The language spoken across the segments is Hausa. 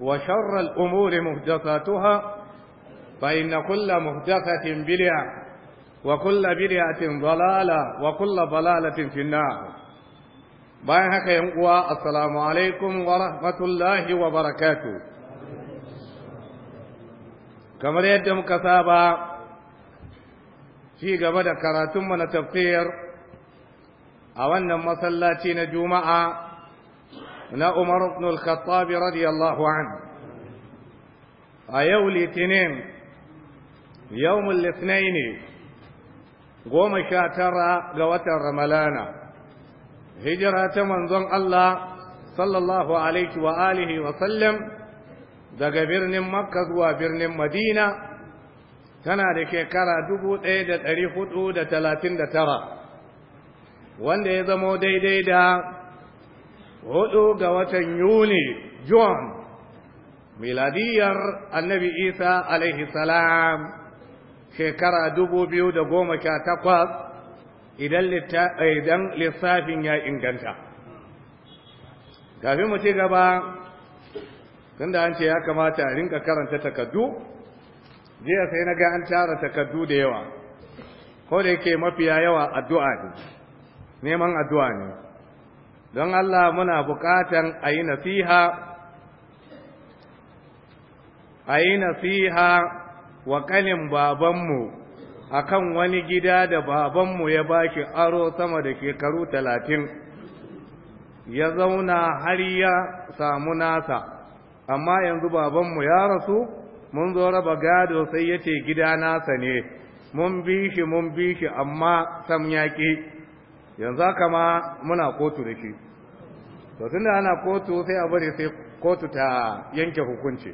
وشر الأمور مهدثاتها فإن كل مهدثة بدعة وكل بدعة ضلالة وكل ضلالة في النار bayan haka yan uwa assalamu alaikum wa rahmatullahi wa barakatu kamar yadda muka saba ci gaba da karatunmu na tafsir a wannan masallaci na juma'a na Umar ibn al-Khattab a yau litinin yawmul ne. goma sha tara ga watan ramalana hijira ta manzon Allah sallallahu alaihi wa wa sallam daga birnin makka zuwa birnin madina tana da shekara dubu ɗaya da ɗari hudu da talatin da tara wanda ya zamo daidai da hudu ga watan Yuni John miladiyar annabi Isa alaihi salam shekara dubu biyu da goma sha takwas idan lissafin ya inganta. Kafin mu ci gaba, tunda an ce ya kamata a rinka karanta takardu, jiya sai na ga an tara takardu da yawa, ko da yake mafiya yawa addu'a ne, neman addu'a ne. don Allah muna bukatan a yi nasiha a yi nasiha wa kanin babanmu a kan wani gida da babanmu ya bashi aro sama da shekaru talatin ya zauna har ya samu nasa amma yanzu babanmu ya rasu mun zo raba gado sai yace gida nasa ne mun bi shi mun bi shi amma sam yaƙi yanzu haka ma muna kotu da ke to tunda ana kotu sai a bari sai kotu ta yanke hukunci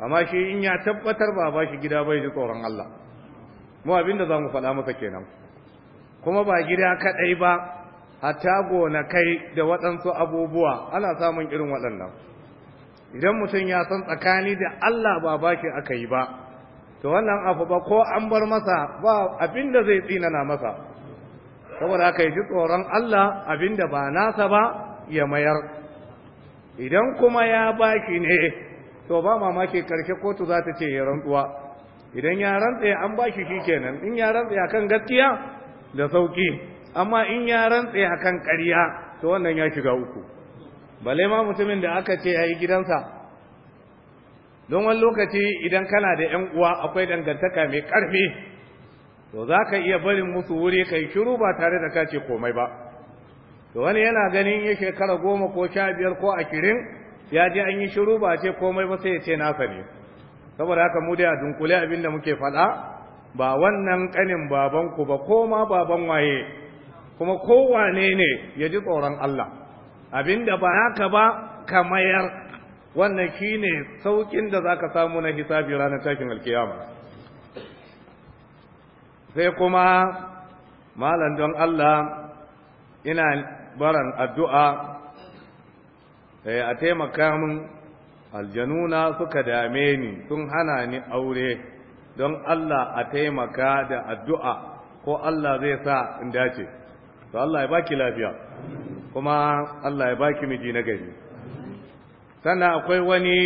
amma shi in ya tabbatar ba ba shi gida bai ji tsoron Allah mu abinda za mu faɗa masa kenan kuma ba gida kaɗai ba hatta kai da waɗansu abubuwa ana samun irin waɗannan idan mutum ya san tsakani da Allah ba ba shi aka yi ba to wannan abu ba ko an bar masa ba abinda zai tsinana masa saboda yi ji tsoron Allah abinda ba nasa ba ya mayar idan kuma ya bashi ne to ba mamaki karshe kotu za ta ce ya rantsuwa idan ya rantsa an baki kenan in ya rantsa akan gaskiya da sauki amma in ya rantsa akan ƙarya to wannan ya shiga uku balle ma mutumin da aka ce yayi gidansa don wani lokaci idan kana da ƴan uwa akwai dangantaka mai ƙarfi to za ka iya barin musu wuri ka yi shiru ba tare da kace komai ba to wani yana ganin ya shekara goma ko sha biyar ko ashirin ya je an yi shiru ba ce komai ba sai ya ce nasa ne saboda haka mu dai a dunkule abin da muke faɗa ba wannan ƙanin babanku ba ko ma baban waye kuma kowane ne ya ji tsoron Allah abin da ba haka ba ka mayar wannan shine saukin da zaka samu na hisabi ranar tashin alkiyama sai kuma malam don Allah ina baran addu'a eh, a taimaka min aljanuna suka dame ni sun hana ni aure don Allah a taimaka da addu'a ko Allah zai sa in dace to Allah ya baki lafiya kuma Allah ya baki miji na gari sannan akwai wani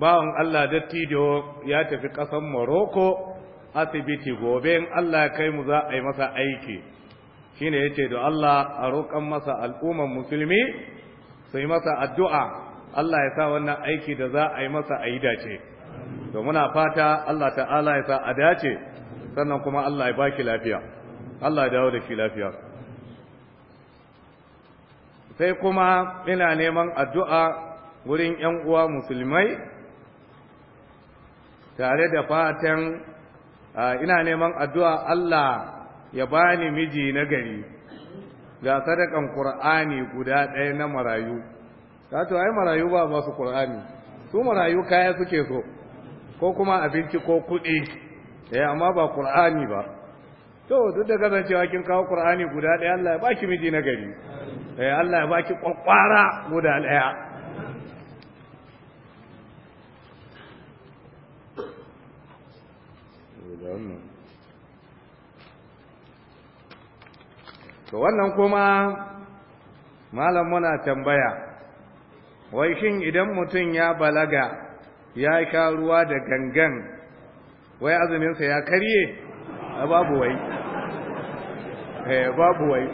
bawan Allah dattijo ya tafi ƙasan Morocco asibiti gobe in Allah kai mu za a yi masa aiki shine yace da Allah a roƙan masa al'umman musulmi su yi masa addu'a Allah ya sa wannan aiki da za a yi masa a yi dace Da muna fata Allah ta'ala ya sa a dace sannan kuma Allah ya baki lafiya Allah ya dawo da shi lafiya sai kuma ina neman addu'a wurin ‘yan uwa musulmai tare da fatan Ah, ina neman addu'a Allah ya bani miji na gari ga sadakan Qur'ani guda ɗaya na marayu ka ai marayu ba ba su Qur'ani su marayu kaya suke so ko kuma abinci ko kuɗi eh amma ba Qur'ani ba to duk da kasancewa kin kawo Qur'ani guda ɗaya Allah ya baki miji na gari eh Allah ya baki kwakwara guda ɗaya to wannan kuma malam muna tambaya wai shin idan mutum ya balaga ya sha ruwa da gangan wai azuminsa ya karye babu wai eh, babu wai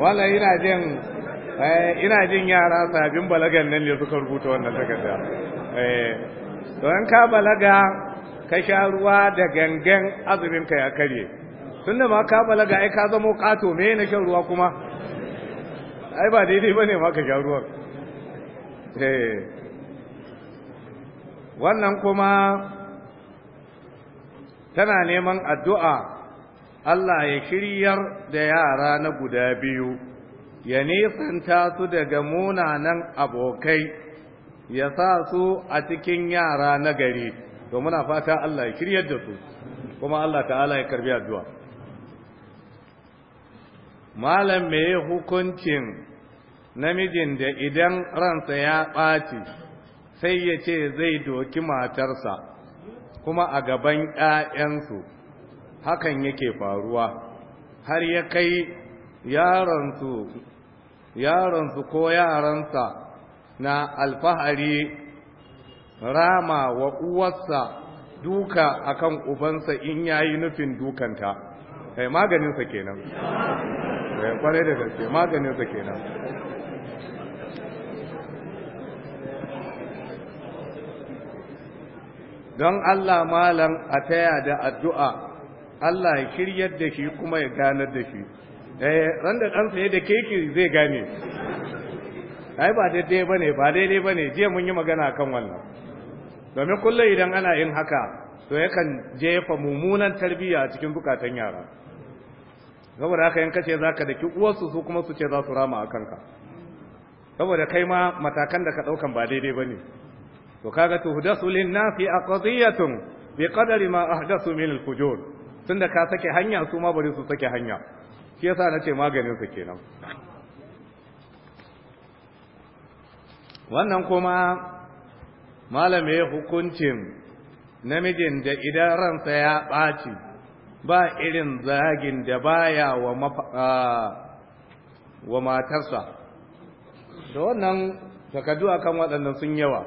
wala yana jin Eh, ina jin yara sabin balagan nan ne suka rubuta wannan takarda an eh, ka balaga ka sha ruwa da gangan azumin ka ya karye tun da ma ka balaga ai ka zama kato me na shan ruwa kuma ai ba daidai bane ma ka sha ruwan eh, wannan kuma tana neman addu'a Allah ya shiryar da yara na guda biyu ya nisanta su daga munanan abokai ya sa su a cikin yara na gari to muna fata Allah ya kiryar da su kuma Allah ta'ala ya karbi addu'a malam me hukuncin namijin da idan ransa ya ɓaci sai ya ce zai doki matarsa kuma a gaban ‘ya'yansu hakan yake faruwa har ya kai yaransu. yaronsu ko yaransa na alfahari rama wa uwarsa duka akan ubansa in yayi nufin dukanta kai eh, maganinsa kenan kai eh, kwarai da gaske maganinsa kenan don Allah malam a taya da addu'a Allah ya shiryar da shi kuma ya ganar da shi eh ran da ɗansa ya da keke zai gane ai ba daidai ba ne ba daidai ba ne jiya mun yi magana kan wannan domin kullum idan ana yin haka to yakan jefa mummunan tarbiyya a cikin zukatan yara saboda haka in kace za ka daki uwarsu su kuma su ce za su rama a kanka saboda kai ma matakan da ka ɗaukan ba daidai ba ne to kaga hudasu lin a aqdiyatun bi qadari ma ahdathu min al-fujur tunda ka sake hanya su ma bari su sake hanya shi yasa na ce maganin maganinsa kenan wannan kuma malame hukuncin namijin da idan ransa ya ɓaci ba irin zagin da baya wa matarsa da wannan takaddu akan waɗannan sun yawa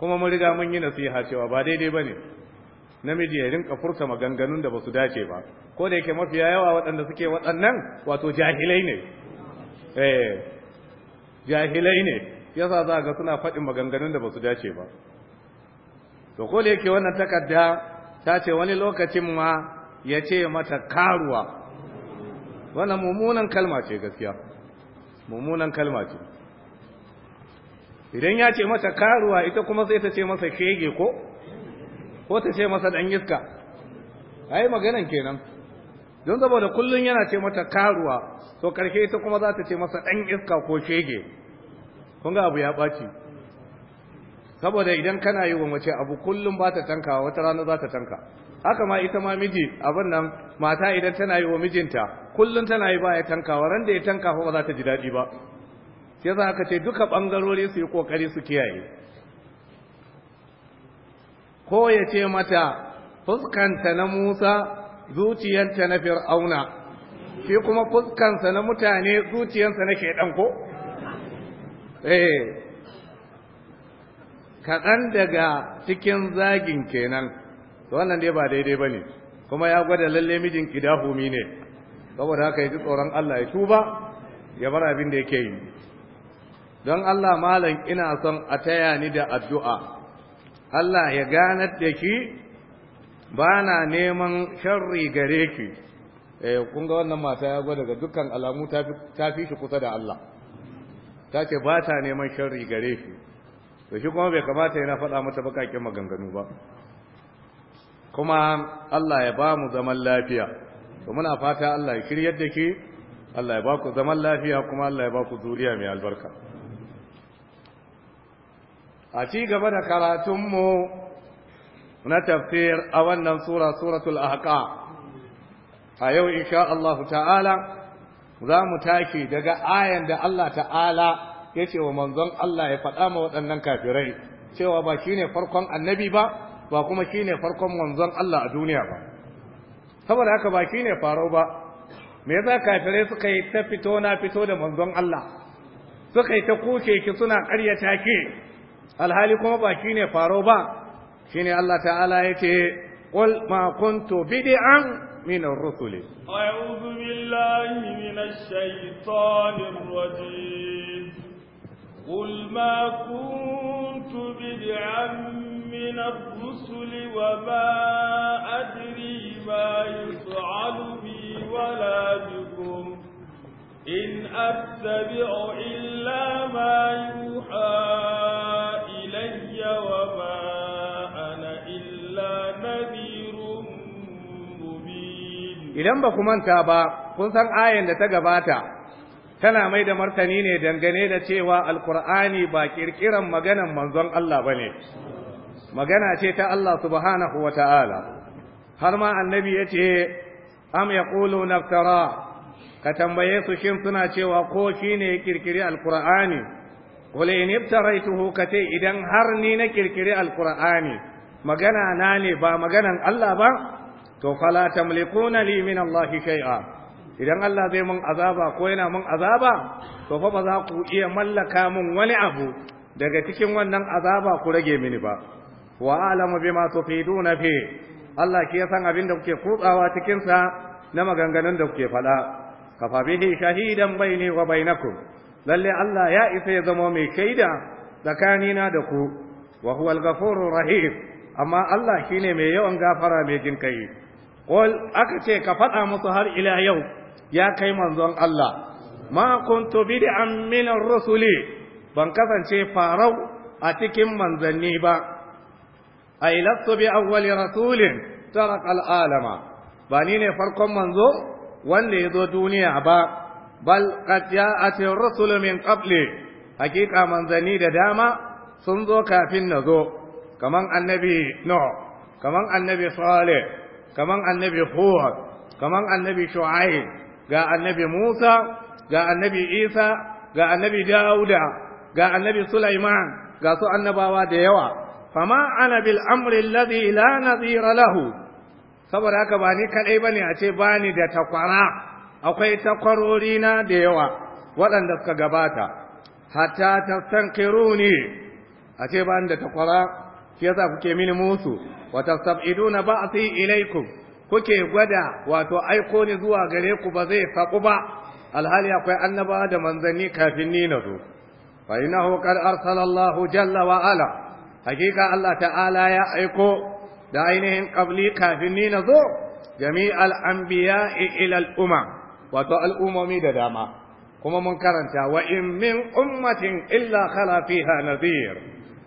kuma mun riga mun yi nasiha cewa ba daidai ba ne namiji ya rinka furta maganganun da basu dace ba ko da yake mafiya yawa waɗanda suke waɗannan wato jahilai ne eh jahilai ne yasa za ga suna faɗin maganganun da basu dace ba to ko da yake wannan takarda ta ce wani lokacin ma ya ce mata karuwa wannan mummunan kalma ce gaskiya mummunan kalma ce idan ya ce mata karuwa ita kuma sai ta ce masa shege ko ko ta ce masa dan iska ai maganan kenan don saboda kullun yana ce mata karuwa to karshe ita kuma za ta ce masa ɗan iska ko shege kun ga abu ya baci saboda idan kana yi wa mace abu kullum ba ta tanka wata rana za ta tanka haka ma ita ma miji abin nan mata idan tana yi wa mijinta kullum tana yi ba ya tankawa ran da ya tanka ba za ta ji daɗi ba sai za ka ce duka ɓangarori su yi ƙoƙari su kiyaye ko ya ce mata fuskanta na Musa zuciyarta na Fir'auna shi kuma fuskansa na mutane zuciyarsa na shedan ko eh kaɗan daga cikin zagin kenan wannan dai ba daidai ba ne kuma ya gwada lalle mijin kidahumi ne saboda haka ya ji tsoron Allah ya tuba ya bar abin da yake yi don Allah malam ina son a taya ni da addu'a Allah ya ganar da ki ba na neman sharri gare ki eh kun ga wannan mata ya gwada ga dukkan alamu ta fi shi kusa da Allah ta ce ba ta neman sharri gare shi to shi kuma bai kamata yana faɗa mata bakakin maganganu ba kuma Allah ya ba mu zaman lafiya to muna fata Allah ya shiryar da ke Allah ya ba ku zaman lafiya kuma Allah ya ba ku zuriya mai albarka a ci gaba da karatunmu na tafiyar a wannan sura suratul haƙa, a yau insha ta'ala za mu tashi daga ayan da Allah ta'ala ya ce wa manzon Allah ya faɗa ma waɗannan kafirai cewa ba shi ne farkon annabi ba ba kuma shi ne farkon manzon Allah a duniya ba saboda haka ba shi ne farau ba me yasa kafirai suka yi ta fito na fito da manzon Allah suka yi ta kuke ki suna ƙaryata ke alhali kuma ba shine faro ba shine Allah ta'ala yace qul ma kuntu bid'an min ar-rusuli a'udhu billahi minash shaitanir rajim قل ما كنت بدعا من الرسل وما أدري ما يفعل بي ولا بكم إن أتبع إلا ما يوحى idan ba ku manta ba kun san ayan da ta gabata tana mai da martani ne dangane da cewa alkur'ani ba kirkiran maganan manzon Allah ba ne magana ce ta Allah subhanahu wa ta'ala har ma annabi ya ce am ya ƙulu naftara ka tambaye su shin suna cewa ko shi ne ya kirkiri alkur'ani kule in ibtaraituhu ka ce idan har ni na kirkiri alkur'ani magana na ne ba maganan Allah ba to fala tamlikuna li min Allah shay'a idan Allah zai mun azaba ko yana mun azaba to fa ba za ku iya mallaka mun wani abu daga cikin wannan azaba ku rage mini ba wa a'lamu bima tufiduna fi Allah ke san abin da kuke kutsawa cikin sa na maganganun da kuke faɗa kafa bihi shahidan baini wa bainakum lalle Allah ya isa ya zama mai shaida tsakanina da ku wa huwa al-ghafurur rahim amma Allah shine mai yawan gafara mai jinkai aka ce ka faɗa musu har ila yau ya kai manzon Allah ma kuntu bid'an min rusuli ban kasance farau a cikin manzanni ba ai lastu bi awwali rasulin taraka alama. ba ni ne farkon manzo wanda ya zo duniya ba bal qad ja'at ar rusul min qabli hakika manzanni da dama sun zo kafin na zo kaman annabi no kaman annabi salih kaman annabi Hud kaman annabi Shu'aib ga annabi Musa ga annabi Isa ga annabi Dauda ga annabi Sulaiman ga su annabawa da yawa fama ana bil amri alladhi la nadhira lahu saboda haka ba ni kadai bane a ce bani da takwara akwai takwarori na da yawa waɗanda suka gabata hatta tastankiruni a ce bani da takwara shi yasa kuke mini musu wa tasabiduna ba'thi ilaikum kuke gwada wato aiko ni zuwa gare ku ba zai faku ba alhali akwai annaba da manzanni kafin ni na zo fa innahu qad arsalallahu jalla wa ala hakika Allah ta'ala ya aiko da ainihin qabli kafin ni na zo jami'al anbiya'i ila al-umam wato al'umomi da dama kuma mun karanta wa in min ummatin illa khala fiha nadhir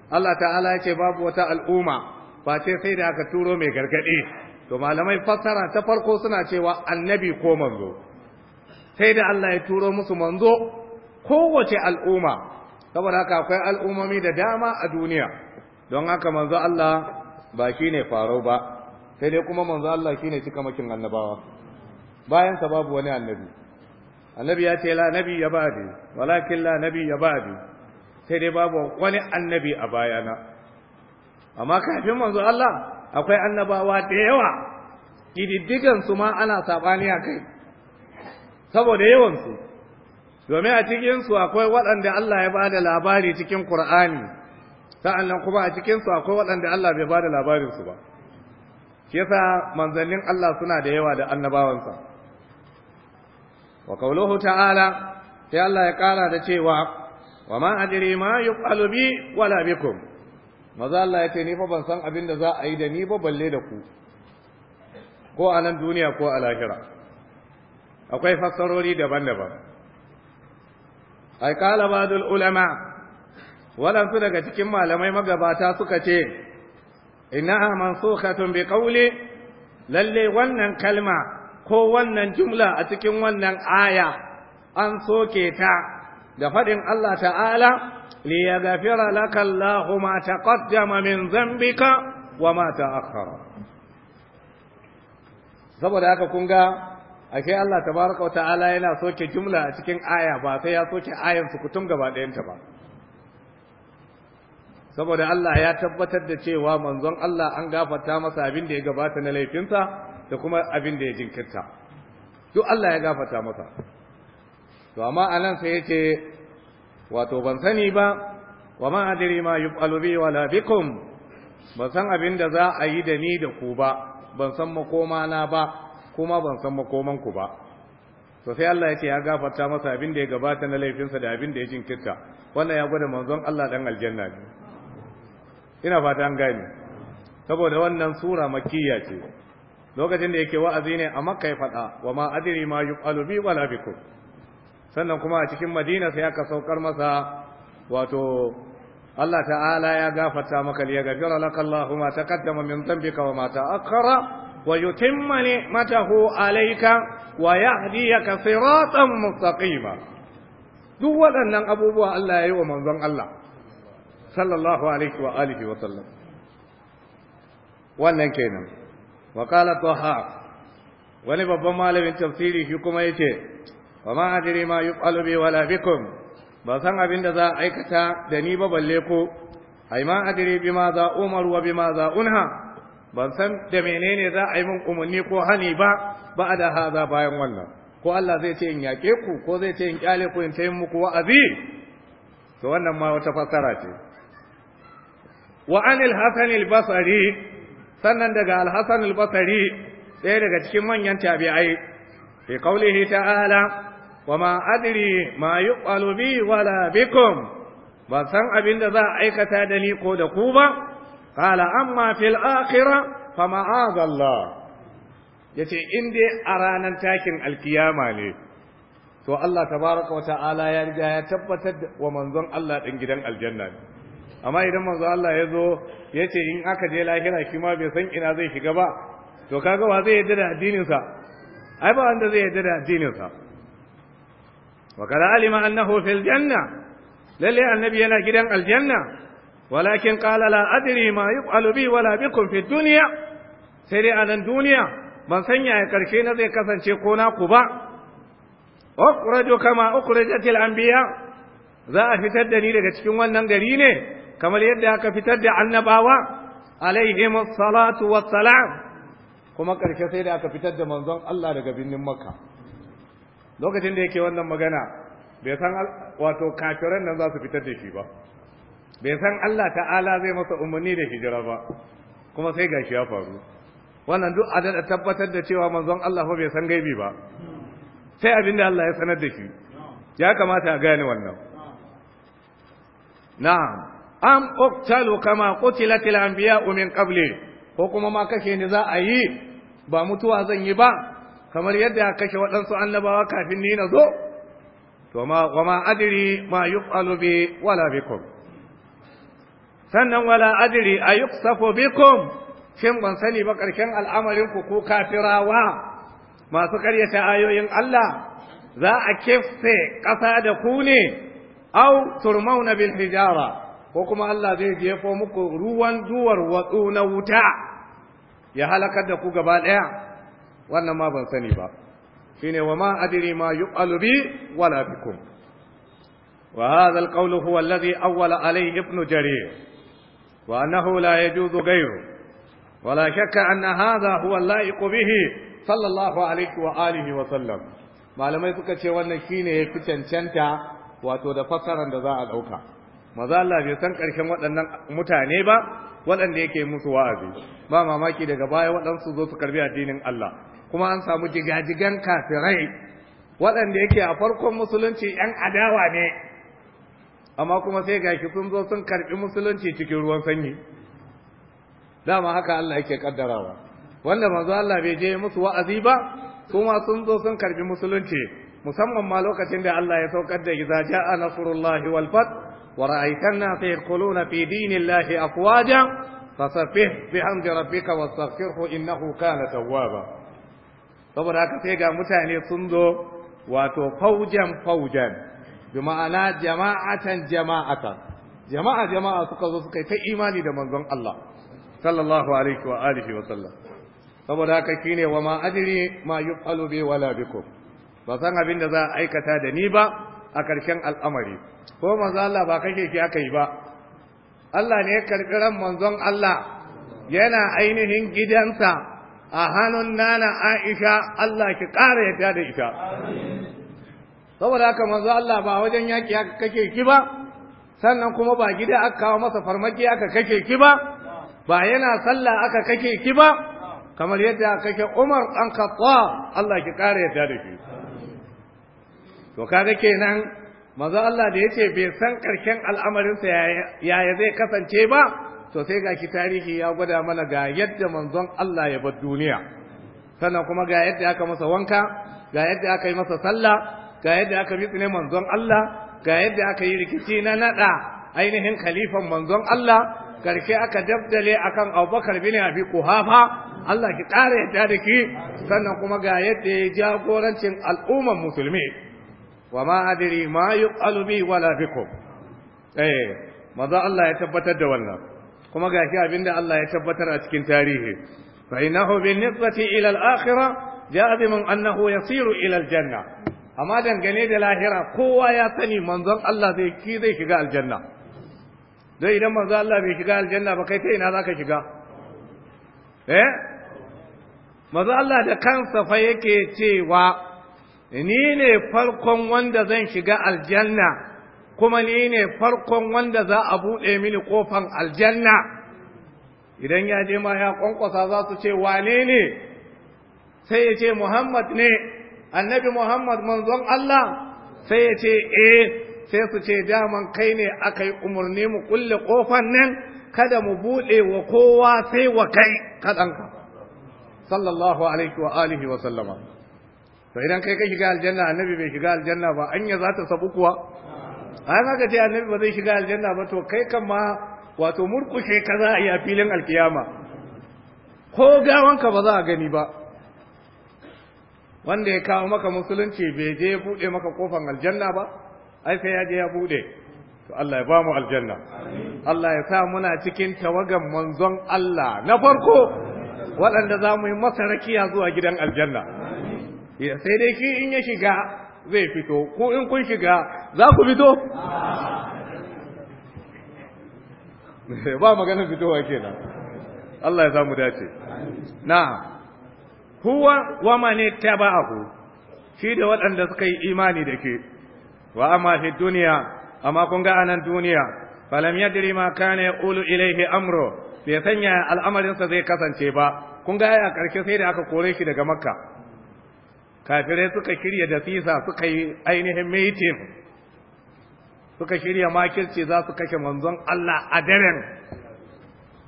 Allah ta'ala ce babu wata al'umma face sai da aka turo mai gargadi to malamai fassara ta farko suna cewa annabi ko manzo sai da Allah ya turo musu manzo kowace al'umma saboda haka akwai al'ummomi da dama a duniya don haka manzo Allah ba shine faro ba sai dai kuma manzo Allah cika makin annabawa bayan sa babu wani annabi annabi ya ce la nabi ya ba'di walakin la nabi ya ba'di sai dai babu wani annabi a bayana amma kafin manzo Allah akwai annabawa da yawa kididdigan su ma ana sabani a kai saboda yawansu. domin a cikin su akwai waɗanda Allah ya bada labari cikin Qur'ani sa'annan kuma a cikin su akwai waɗanda Allah bai bada labarin su ba shi yasa manzannin Allah suna da yawa da annabawansa wa qawluhu ta'ala sai Allah ya kara da cewa wa ma adri ma yuqalu bi wala bikum maza Allah ya ce ni fa ban san abin da za a yi da ni ba balle da ku ko a nan duniya ko a lahira akwai fassarori daban-daban ai kala ba'dul ulama waɗansu daga cikin malamai magabata suka ce innaha mansukhatun bi qawli lalle wannan kalma ko wannan jumla a cikin wannan aya an soke ta da faɗin Allah ta'ala li yaghfira laka Allahu ma taqaddama min dhanbika wa ma ta'akhkhara saboda haka kun ga ake Allah tabaraka wa ta'ala yana soke jumla a cikin aya ba sai ya soke ayan su gaba ɗayanta ba saboda Allah ya tabbatar da cewa manzon Allah an gafarta masa abin da ya gabata na laifinsa da kuma abin da ya jinkirta duk Allah ya gafarta masa to amma anan sai yace wato ban sani ba wa ma adri ma yuf'alu bi wala bikum ban san abin da za a yi da ni da ku ba ban san makoma na ba kuma ban san makoman ku ba to sai Allah ya ce ya gafarta masa abin da ya gabata na laifinsa da abin da ya jinkirta wannan ya gwada manzon Allah dan aljanna ne ina fata an gane saboda wannan sura makkiya ce lokacin da yake wa'azi ne a makka ya faɗa wa ma adri ma yufalu bi wala bikum sannan kuma a cikin madina sai aka saukar masa wato Allah ta'ala ya gafarta maka ya gafira laka Allahu ma taqaddama min dhanbika wa ma ta'akhkhara wa yutimma ni'matahu alayka wa yahdiyaka siratan mustaqima duk waɗannan abubuwa Allah ya yi wa manzon Allah sallallahu alaihi wa alihi wa sallam wannan kenan wa qala taha wani babban malamin tafsiri shi kuma yace wa ma adri ma yuqalu bi wala bikum ba san abin da za a aikata da ni ba balle ko ai ma adri ma za umar wa bima za unha ban san da menene za a yi min umarni ko hani ba ba da haza bayan wannan ko Allah zai ce in yake ku ko zai ce in kyale ku in tayi muku wa'azi to wannan ma wata fassara ce wa anil hasan al-basri sannan daga al-hasan al-basri ɗaya daga cikin manyan tabi'ai fi ta ta'ala wa ma adri ma yi bi wala bikum ba san abin da za a aikata da ni ko da ku ba qala amma fil akhirah fa ma'az Ya yace in dai a ranar takin alkiyama ne to Allah tabaraka wa ta'ala ya riga ya tabbatar wa manzon Allah ɗin gidan aljanna ne amma idan manzo Allah ya zo yace in aka je lahira shi ma bai san ina zai shiga ba to kaga wa zai yarda da addininsa? ai ba wanda zai yarda da addininsa? wa alima annahu fil janna lalle annabi yana gidan aljanna walakin qala la adri ma yuqalu bi wala bikum fid dunya sai dai anan duniya ban sanya yaya karshe na zai kasance ko na ku ba ukhraju kama ukhrijatil anbiya za a fitar da ni daga cikin wannan gari ne kamar yadda aka fitar da annabawa alaihimus salatu wassalam kuma ƙarshe sai da aka fitar da manzon Allah daga birnin Makka lokacin da yake wannan magana bai san wato kafiran nan za su fitar da shi ba bai san Allah ta'ala zai masa umarni da hijira ba kuma sai gashi ya faru wannan duk a da tabbatar da cewa manzon Allah fa bai san gaibi ba sai abinda Allah ya sanar da shi ya kamata a gane wannan na'am am uqtalu kama qutilatil anbiya'u min qabli ko kuma ma kashe ni za a yi ba mutuwa zan yi ba kamar yadda ya kashe waɗansu annabawa kafin ni na zo to ma wa ma adiri ma yuqalu bi wala bikum sannan wala adri ayuksafu bikum shin ban sani ba ƙarshen al'amarin ku ko kafirawa masu karyata ayoyin Allah za a kefe ƙasa da ku ne au na bil hijara ko kuma Allah zai jefo muku ruwan zuwar watsu na wuta ya halakar da ku gaba ɗaya wannan ma ban sani ba Shi ne wa ma adri ma yuqalu bi wala bikum wa hadha alqawl huwa alladhi awwala alayhi ibn jarir wa annahu la yajuzu ghayru ولا شك أن هذا هو اللائق به صلى الله عليه wa sallam. malamai suka ce wannan shine ya fi cancanta wato da fassarar da za a ɗauka maza Allah bai san ƙarshen waɗannan mutane ba waɗanda yake musu wa'azi ba mamaki daga baya waɗansu zo su karbi addinin Allah kuma an samu jigajigan kafirai waɗanda yake a farkon musulunci ‘yan adawa ne amma kuma sai gashi sun zo sun karɓi musulunci cikin ruwan sanyi dama haka Allah yake kaddarawa wanda manzo Allah bai je musu wa'azi ba kuma sun zo sun karɓi musulunci musamman ma lokacin da Allah ya saukar da idza a nasrullahi wal fath wa ra'aytan sai yaquluna fi dinillahi afwaja fasabbih bihamdi rabbika wastaghfirhu innahu kana tawwaba saboda haka sai ga mutane sun zo wato faujan faujan bi ma'ana jama'atan jama'ata. jama'a jama'a suka zo suka yi ta imani da manzon Allah sallallahu alaihi wa alihi wa sallam saboda haka kine wa ma adri ma yuqalu bi wala bikum ba san abin da za a aikata da ni ba a karshen al'amari ko manzo Allah ba kake ki aka yi ba Allah ne ya manzon Allah yana ainihin gidansa a hannun nana Aisha Allah ki ƙara yadda da ita saboda haka manzo Allah ba wajen yaƙi aka kake ki ba sannan kuma ba gida aka kawo masa farmaki aka kake ki ba ba yana sallah aka kake ki ba kamar yadda kake Umar an Khattab Allah ki ƙara yadda da ki to kaga kenan manzo Allah da ya ce bai san karshen al'amarinsa yaya zai kasance ba to sai ga ki tarihi ya gwada mana ga yadda manzon Allah ya bar duniya sannan kuma ga yadda aka masa wanka ga yadda aka yi masa sallah ga yadda aka ne manzon Allah ga yadda aka yi rikici na nada ainihin khalifan manzon Allah karshe aka dabdale akan Abubakar bin Abi Quhafa Allah ki ƙara yadda da ki sannan kuma ga yadda ya jagorancin al'umman musulmi wa ma adri ma yuqalu bi wala bikum eh maza Allah ya tabbatar da wannan kuma gashi abinda Allah ya tabbatar a cikin tarihi fa innahu bin nisbati ila al-akhirah ja'a biman annahu yasiru ila al-janna amma dangane da lahira kowa ya sani manzon Allah zai ki zai shiga aljanna don idan manzon Allah bai shiga aljanna ba kai ta ina zaka shiga eh manzon Allah da kansa fa yake cewa ni ne farkon wanda zan shiga aljanna kuma ni ne farkon wanda za a buɗe mini ƙofan aljanna idan ya je ma ya ƙwanƙwasa za su ce wane ne sai ya ce muhammad ne annabi muhammad manzon allah sai ya ce eh sai su ce daman kai ne aka yi umarni mu kulle ƙofan nan kada mu buɗe wa kowa sai wa kai kaɗanka sallallahu alaihi wa alihi wa sallama to idan kai ka shiga aljanna annabi bai shiga aljanna ba anya za ta sabu kuwa an haka ce annabi ba zai shiga aljanna ba to kai kan ma wato murkushe ka za a yi a filin alkiyama ko gawanka ba za a gani ba wanda ya kawo maka musulunci bai je ya buɗe maka kofan aljanna ba ai sai ya je ya buɗe to Allah ya ba mu aljanna Allah ya sa muna cikin tawagan manzon Allah na farko waɗanda za mu yi masarakiya zuwa gidan aljanna sai dai shi in ya shiga zai fito ko in kun shiga za ku fito ba maganin fitowa nan Allah ya samu dace na huwa wa a ku. shi da waɗanda suka yi imani da ke wa amma duniya amma kun ga anan duniya falam yadri ma kana yaqulu ilayhi Amro. bai sanya al'amarinsa zai kasance ba kun ga a ƙarshe sai da aka kore shi daga makka kafirai suka shirya da fisa suka yi ainihin meeting suka shirya makirci za su kashe manzon Allah a daren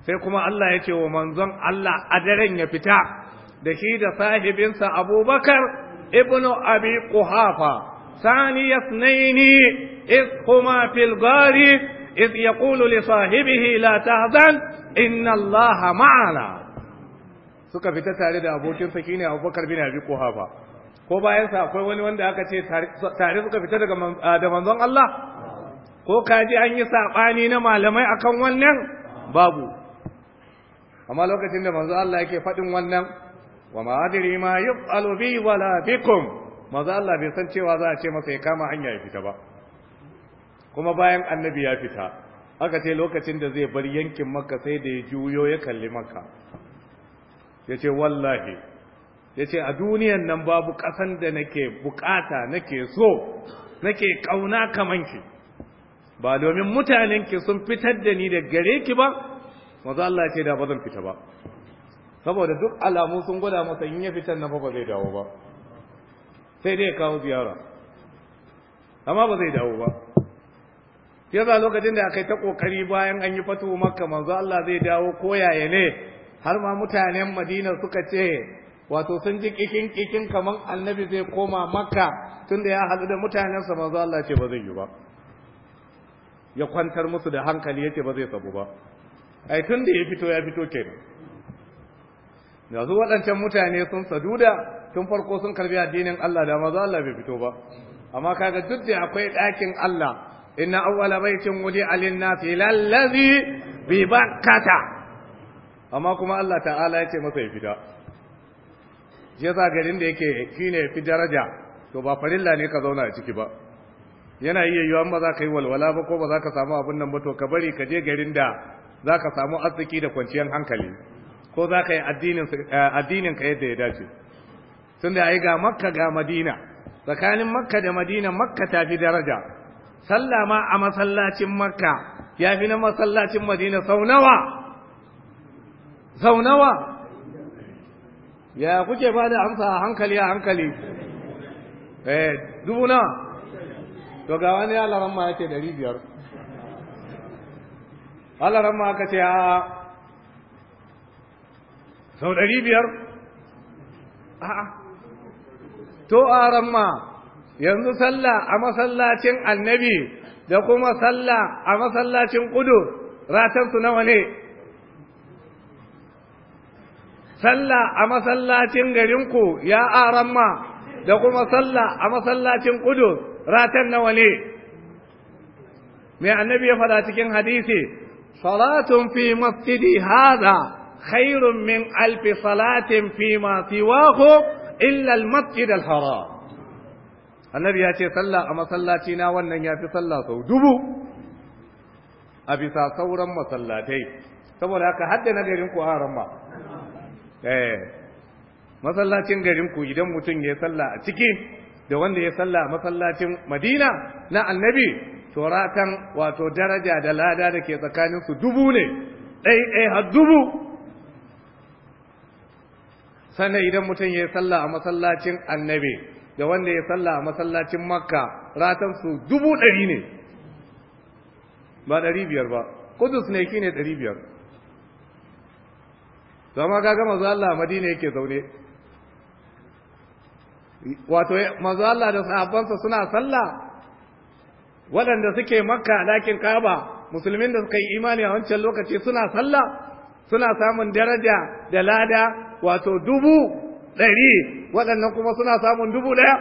sai kuma Allah ya ce wa manzon Allah a daren ya fita da shi da sahibinsa abubakar ibnu abi sani yasnaini iz huma filgari, iz yaqulu li sahibihi la tahzan inna Allah ma'ana suka fita tare da abokinsa shine abubakar bin abi ko bayan sa akwai wani wanda aka ce tare suka fita daga ah, da manzon Allah ko kaji an yi sabani na malamai akan wannan babu amma lokacin da manzon Allah yake faɗin wannan wa ma adri ma yuf'alu bi wala bikum manzon Allah bai san cewa za a ce masa ya kama hanya ya fita ba kuma bayan annabi ya fita aka ce lokacin da zai bar yankin makka sai da ya juyo ya kalli makka ya ce wallahi Ya ce a duniyan nan babu ƙasan da nake bukata nake so nake ƙauna kaman ki ba domin mutanen ki sun fitar da ni da gare ki ba maza Allah ce da ba zan fita ba saboda duk alamu sun gwada masa in ya fitar na ba zai dawo ba sai dai kawo ziyara amma ba zai dawo ba ya za lokacin da aka yi ta kokari bayan an yi fatu makka manzo Allah zai dawo koyaye ne har ma mutanen Madina suka ce wato sun ji kikin kikin kaman annabi zai koma makka tun da ya haɗu da mutanensa manzo Allah ce ba zai yi ba ya kwantar musu da hankali yace ba zai sabu ba ai tunda ya fito ya fito kenan yanzu waɗancan mutane sun saduda tun farko sun karbi addinin Allah da manzo Allah bai fito ba amma kaga duk da akwai ɗakin Allah inna awwala baitin wudi alin nasi lallazi bi bakkata amma kuma Allah ta'ala ya ce masa ya fita je za garin da yake shine fi daraja to ba farilla ne ka zauna a ciki ba yana iya yiwa ba za ka yi walwala ba ko ba za ka samu abin nan ba to ka bari ka je garin da za ka samu arziki da kwanciyar hankali ko za ka yi addinin eh, ka yadda ya dace tun da ai ga makka ga madina tsakanin makka da madina makka ta fi daraja sallah ma a masallacin makka ya fi na masallacin madina sau nawa sau nawa ya kuke ba da amsa a hankali a hankali eh dubu na to ga wani alaran ma yake dari biyar alaran ma aka ce a sau dari biyar a to a ma yanzu sallah a masallacin annabi da kuma sallah a masallacin kudu ratansu nawa ne sallah a masallacin garinku ya aramma da kuma sallah a masallacin kudu ratan nawa ne mai annabi ya faɗa cikin hadisi salatun fi masjidi hada khairun min alfi salatin fi ma siwahu illa almasjid alharam annabi ya ce sallah a masallaci na wannan ya fi sallah sau dubu a bisa sauran masallatai saboda haka hadda na garin ku Eh, masallacin garin ku idan mutum ya salla a ciki da wanda ya salla masallacin Madina na Annabi to ratan wato daraja da lada da ke tsakanin su dubu ne ɗai ɗai har dubu sannan idan mutum ya salla a masallacin Annabi da wanda ya salla a masallacin Makka ratan su dubu ɗari ne ba ɗari biyar ba kudus ne kine ɗari biyar Zama amma ga manzo Allah Madina yake zaune wato manzo Allah da sahabbansa suna sallah waɗanda suke makka dakin kaba musulmin da suka yi imani a wancan lokaci suna sallah suna samun daraja da lada wato dubu ɗari waɗannan kuma suna samun dubu ɗaya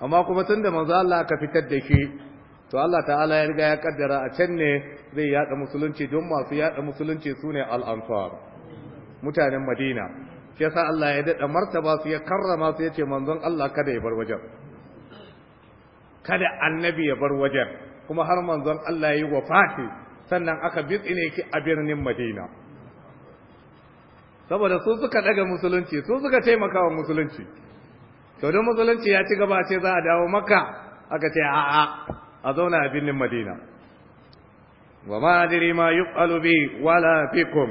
amma kuma tun da manzo Allah aka fitar da shi to Allah ta'ala ya riga ya kaddara a can ne zai yada musulunci don masu yada musulunci sune al-ansar mutanen Madina shi yasa Allah ya dada martaba su ya karrama su yace manzon Allah kada ya bar wajen kada annabi ya bar wajen kuma har manzon Allah yayi wafati sannan aka bitsine ki a birnin Madina saboda su suka daga musulunci su suka taimaka wa musulunci to don musulunci ya ci gaba ce za a dawo maka aka ce a'a a zauna a birnin madina wa ma adiri ma yi alubi wala fikum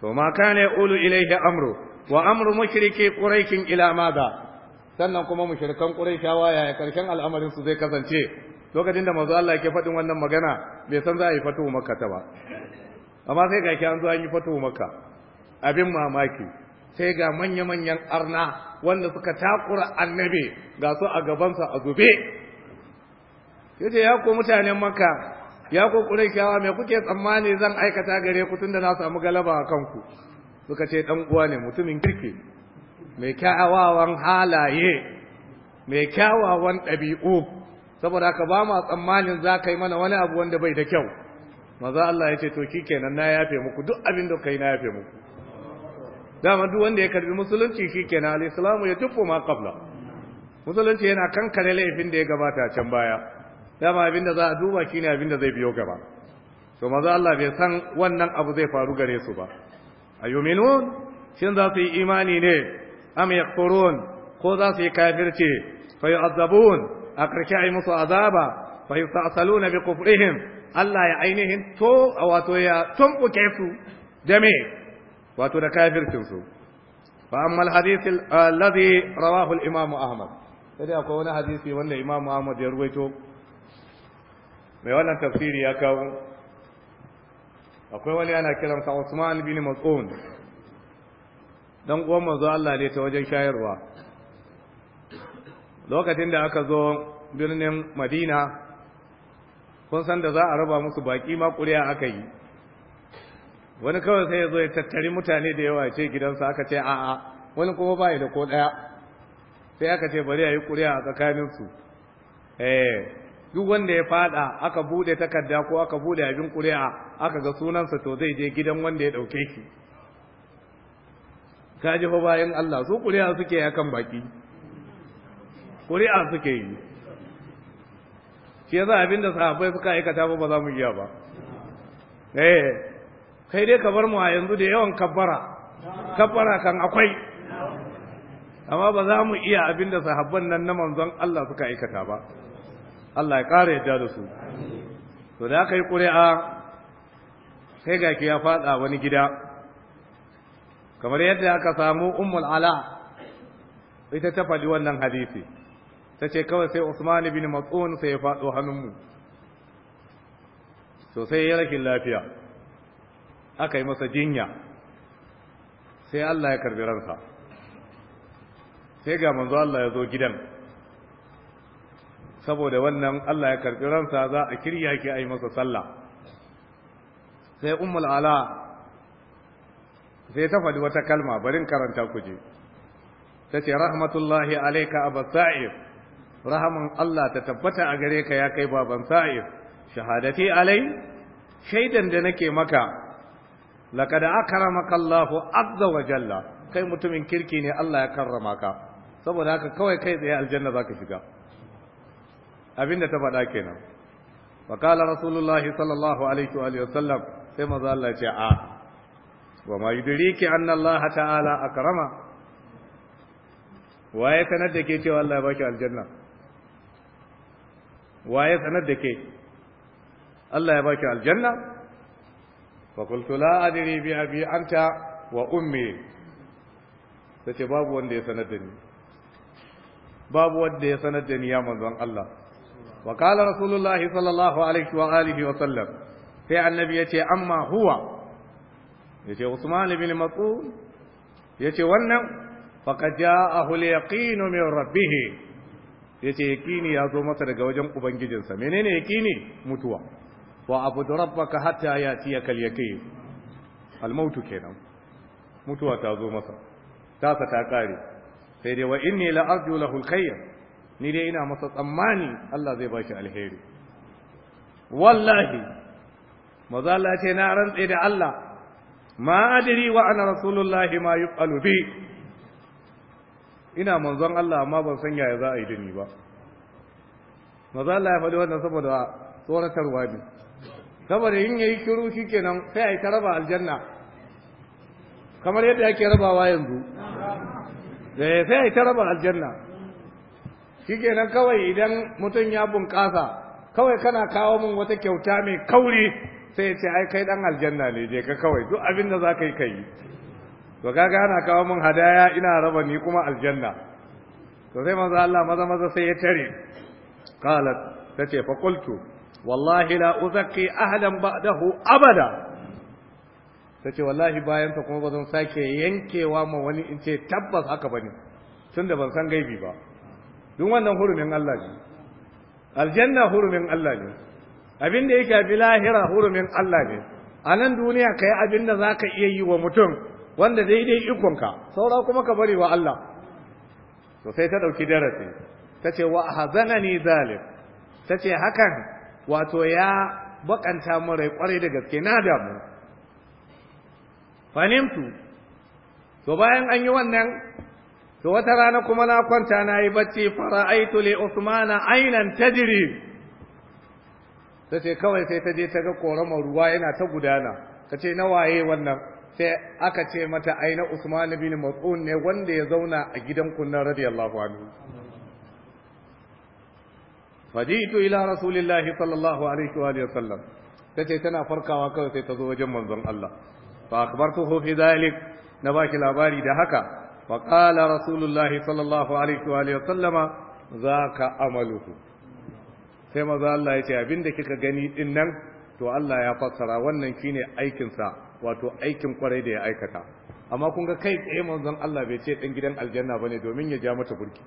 to ma kane ulu ilaihi amru wa amru mushriki quraishin ila madha sannan kuma mushrikan quraishawa yaya karshen al'amarin su zai kasance lokacin da mazu Allah yake faɗin wannan magana bai san za a yi fatuwa makka ta ba amma sai ga an zo an yi fatuwa makka abin mamaki sai ga manya-manyan arna wanda suka takura annabi ga su a gabansa a zube yace ya ko mutanen makka ya ko quraishawa me kuke tsammani zan aikata gare ku da na samu galaba a kanku suka ce dan uwa ne mutumin kirki mai kyawawan halaye mai kyawawan ɗabi'u saboda ka ba ma tsammanin za ka yi mana wani abu wanda bai da kyau maza Allah ya ce to kenan na yafe muku duk abin da kai na yafe muku dama duk wanda ya karbi musulunci shikenan al-islamu ya tuffu ma qabla musulunci yana kankare laifin da ya gabata can baya dama abin da za a duba shine abin da zai biyo gaba to maza Allah bai san wannan abu zai faru gare su ba ayuminun shin za su yi imani ne am yakfurun ko za su yi kafirce fa yu'azzabun a karshe yi musu azaba fa yusta'saluna bi kufrihim Allah ya ainihin to wato ya tumbuke su da me wato da kafircin su fa amma alhadith alladhi rawahu al-imam Ahmad sai akwai wani hadisi wanda Imam Ahmad ya ruwaito mai wannan tafsiri ya kawo akwai wani ana kiransa Usman bin Mas'ud dan uwan manzo Allah ne ta wajen shayarwa lokacin da aka zo birnin Madina kun san da za a raba musu baki ma ƙuri'a aka yi wani kawai sai ya zo ya tattari mutane da yawa ce gidansa aka ce a'a wani kuma ba da ko ɗaya sai aka ce bari a yi ƙuri'a a tsakaninsu eh duk wanda ya fada aka bude takarda ko aka bude abin ƙuri'a aka ga sunansa to zai je gidan wanda ya dauke shi ka ji fa bayan Allah su ƙuri'a suke ya kan baki ƙuri'a suke yi shi yasa abin da sahabbai suka aikata ba ba za mu iya ba eh kai dai ka bar mu a yanzu da yawan kabbara kabbara kan akwai amma ba za mu iya abin da sahabban nan na manzon Allah suka aikata ba Allah ya ƙara yadda da su to da aka yi ƙuri'a sai ga ya faɗa wani gida kamar yadda aka samu ummul ala ita ta faɗi wannan hadisi ta ce kawai sai Usman bin Mas'un sai ya faɗo hannunmu to sai ya rakin lafiya aka yi masa jinya sai Allah ya karbi ransa sai ga manzo Allah ya zo gidan saboda wannan Allah ya karbi ransa za a kirya ki a yi masa sallah sai ummul ala sai ta faɗi wata kalma barin karanta ku je ta ce rahmatullahi alaika aba sa'ir rahaman Allah ta tabbata a gare ka ya kai baban sa'ir shahadati alai shaidan da nake maka laqad akramaka Allah azza wa jalla kai mutumin kirki ne Allah ya karrama ka saboda haka kawai kai tsaye aljanna zaka shiga Abin da ta faɗa kenan wa qala rasulullahi sallallahu alaihi wa sallam sai manzo Allah ce a wa ma yudriki anna Allah ta'ala akrama waye sanar da ke cewa Allah ya baki aljanna waye sanar da ke Allah ya baki aljanna fa qultu la adri bi abi anta wa ummi sai babu wanda ya sanar da ni babu wanda ya sanar da ni ya manzon Allah wa qala sallallahu alaihi wa alihi wa sallam sai annabi yace amma huwa yace usman ibn mas'ud yace wannan faqad ja'ahu al-yaqin min rabbih yace yaqini ya zo masa daga wajen ubangijinsa menene yaqini mutuwa wa abud rabbaka hatta yatiyaka al-yaqin al-maut kenan mutuwa ta zo masa ta kare sai dai wa inni la ni dai ina masa tsammani Allah zai shi alheri wallahi maza Allah ce na rantse da Allah ma adri wa ana rasulullahi ma yuqalu bi ina manzon Allah amma ban san yaya za a yi da ni ba maza Allah ya faɗi wannan saboda tsoratarwa ne saboda in yayi kiru shikenan sai ai ta raba aljanna kamar yadda ake rabawa yanzu eh, sai ai ta raba aljanna shikenan kawai idan mutum ya bunƙasa kawai kana kawo min wata kyauta mai kauri sai ya ce ai kai dan aljanna ne je ka kawai duk abin da zaka yi kai to kaga ana kawo min hadaya ina raba ni kuma aljanna to sai manzo Allah maza maza sai ya tare qalat tace fa qultu wallahi la uzakki ahadan ba'dahu abada ta ce wallahi bayansa kuma bazan sake yankewa ma wani in ce tabbas haka bane tunda ban san gaibi ba duk wannan hurumin Allah ne aljanna hurumin Allah ne abin da ya shafi lahira hurumin Allah ne a nan duniya ka yi abin da za ka iya yi wa mutum wanda daidai ka saura kuma ka bari wa Allah to sai ta ɗauki darasi tace ce wa hazana ni zalim ta hakan wato ya bakanta mu rai kwarai da gaske na damu fanimtu to bayan an yi wannan to wata rana kuma na kwanta na yi bacci fara'aitu li usmana ainan tajri ta ce kawai sai ta je ta ga koramar ruwa yana ta gudana ta ce na waye wannan sai aka ce mata aina usman bin mas'ud ne wanda ya zauna a gidan kunnan radiyallahu anhu fajitu ila rasulillahi sallallahu alaihi wa sallam ce tana farkawa kawai sai ta zo wajen manzon Allah fa akbartuhu fi dhalik na baki labari da haka فقال رسول الله صلى الله عليه واله وسلم ذاك عمله sai maza Allah ya ce abinda kika gani din nan to Allah ya fassara wannan shine aikin sa wato aikin kwarai da ya aikata amma kun ga kai tsaye manzon Allah bai ce dan gidan aljanna bane domin ya ja mata burki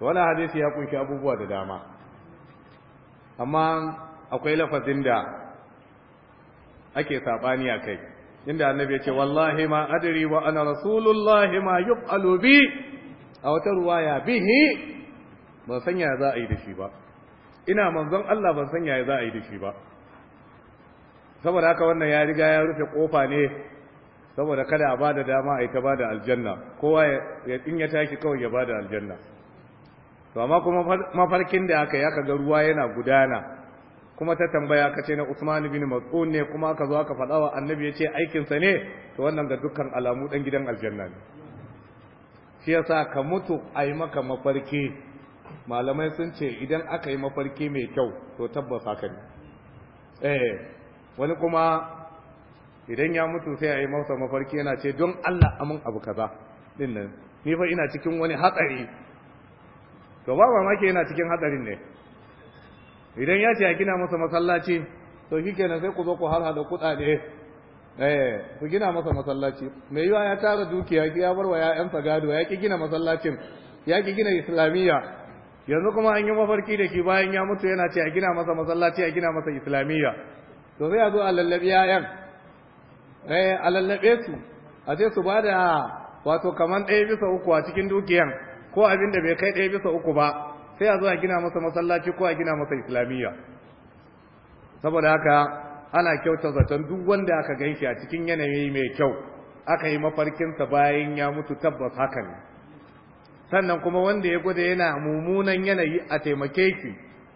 to wannan hadisi ya kunshi abubuwa da dama amma akwai lafazin da ake sabani a kai inda annabi yake wallahi ma adri wa ana rasulullahi ma yuqalu bi a wata ruwaya bihi ban san ya za a yi da ba ina manzon Allah ban san ya za a yi da ba saboda haka wannan ya riga ya rufe kofa ne saboda kada a bada dama a yi ta bada aljanna kowa ya in ya tashi kawai ya bada aljanna to amma kuma mafarkin da aka yi aka ga ruwa yana gudana kuma ta tambaya ka ce na Usman bin Mas'ud ne kuma ka zo ka faɗa wa annabi ya ce aikinsa ne to wannan ga dukkan alamu dan gidan aljanna ne shi yasa ka mutu a yi maka mafarki malamai sun ce idan aka yi mafarki mai kyau to tabbas haka ne eh wani kuma idan ya mutu sai a yi masa mafarki yana ce don Allah amin abu kaza din ni fa ina cikin wani hatsari to ba mamaki yana cikin hatsarin ne idan ya ce a gina masa masallaci to shi kenan sai ku zo ku har da kuɗaɗe eh, ku gina masa masallaci mai yiwa ya tara dukiya ya bar wa 'ya'yansa gado ya ki gina masallacin ya ki gina islamiyya yanzu kuma an yi mafarki da shi bayan ya mutu yana ce a gina masa masallaci a gina masa islamiyya to sai a zo a eh, lallaɓe 'ya'yan, a lallabe su a ce su bada wato kaman ɗaya bisa uku a cikin dukiyan ko abin da bai kai ɗaya bisa uku ba sai a zo a gina masa masallaci ko a gina masa islamiyya saboda haka ana kyauta zaton duk wanda aka gan shi a cikin yanayi mai kyau aka yi mafarkinsa bayan ya mutu tabbas hakan. sannan kuma wanda ya gwada yana mummunan yanayi a taimake shi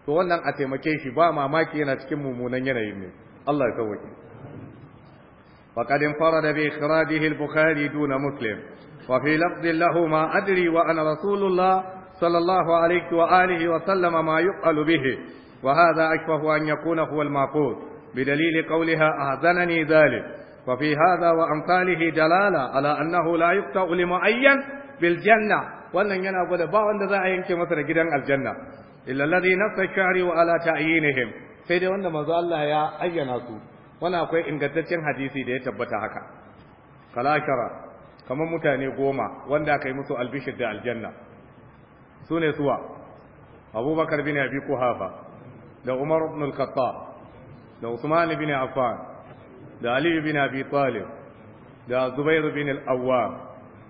to wannan a taimake shi ba mamaki yana cikin mummunan yanayi ne Allah ya sauke faqad infarada bi ikhrajihi al-bukhari duna muslim wa fi lafdin lahu ma adri wa ana rasulullah صلى الله عليه وآله وسلم ما يقال به وهذا أشبه أن يكون هو المعقول بدليل قولها أهزنني ذلك وفي هذا وأمثاله دلالة على أنه لا يقطع لمعين بالجنة wannan yana gwada ba wanda za a yanke masa da gidan aljanna illa alladhi nafsa shari wa ala ta'yinihim sai dai wanda manzo Allah ya ayyana su wannan akwai ingantaccen hadisi da ya tabbata haka kalakara kamar mutane goma wanda aka yi musu albishir da aljanna su ne suwa abubakar bin abi kuhafa da umar ibn al da usman bin affan da ali bin abi talib da zubair bin al-awwam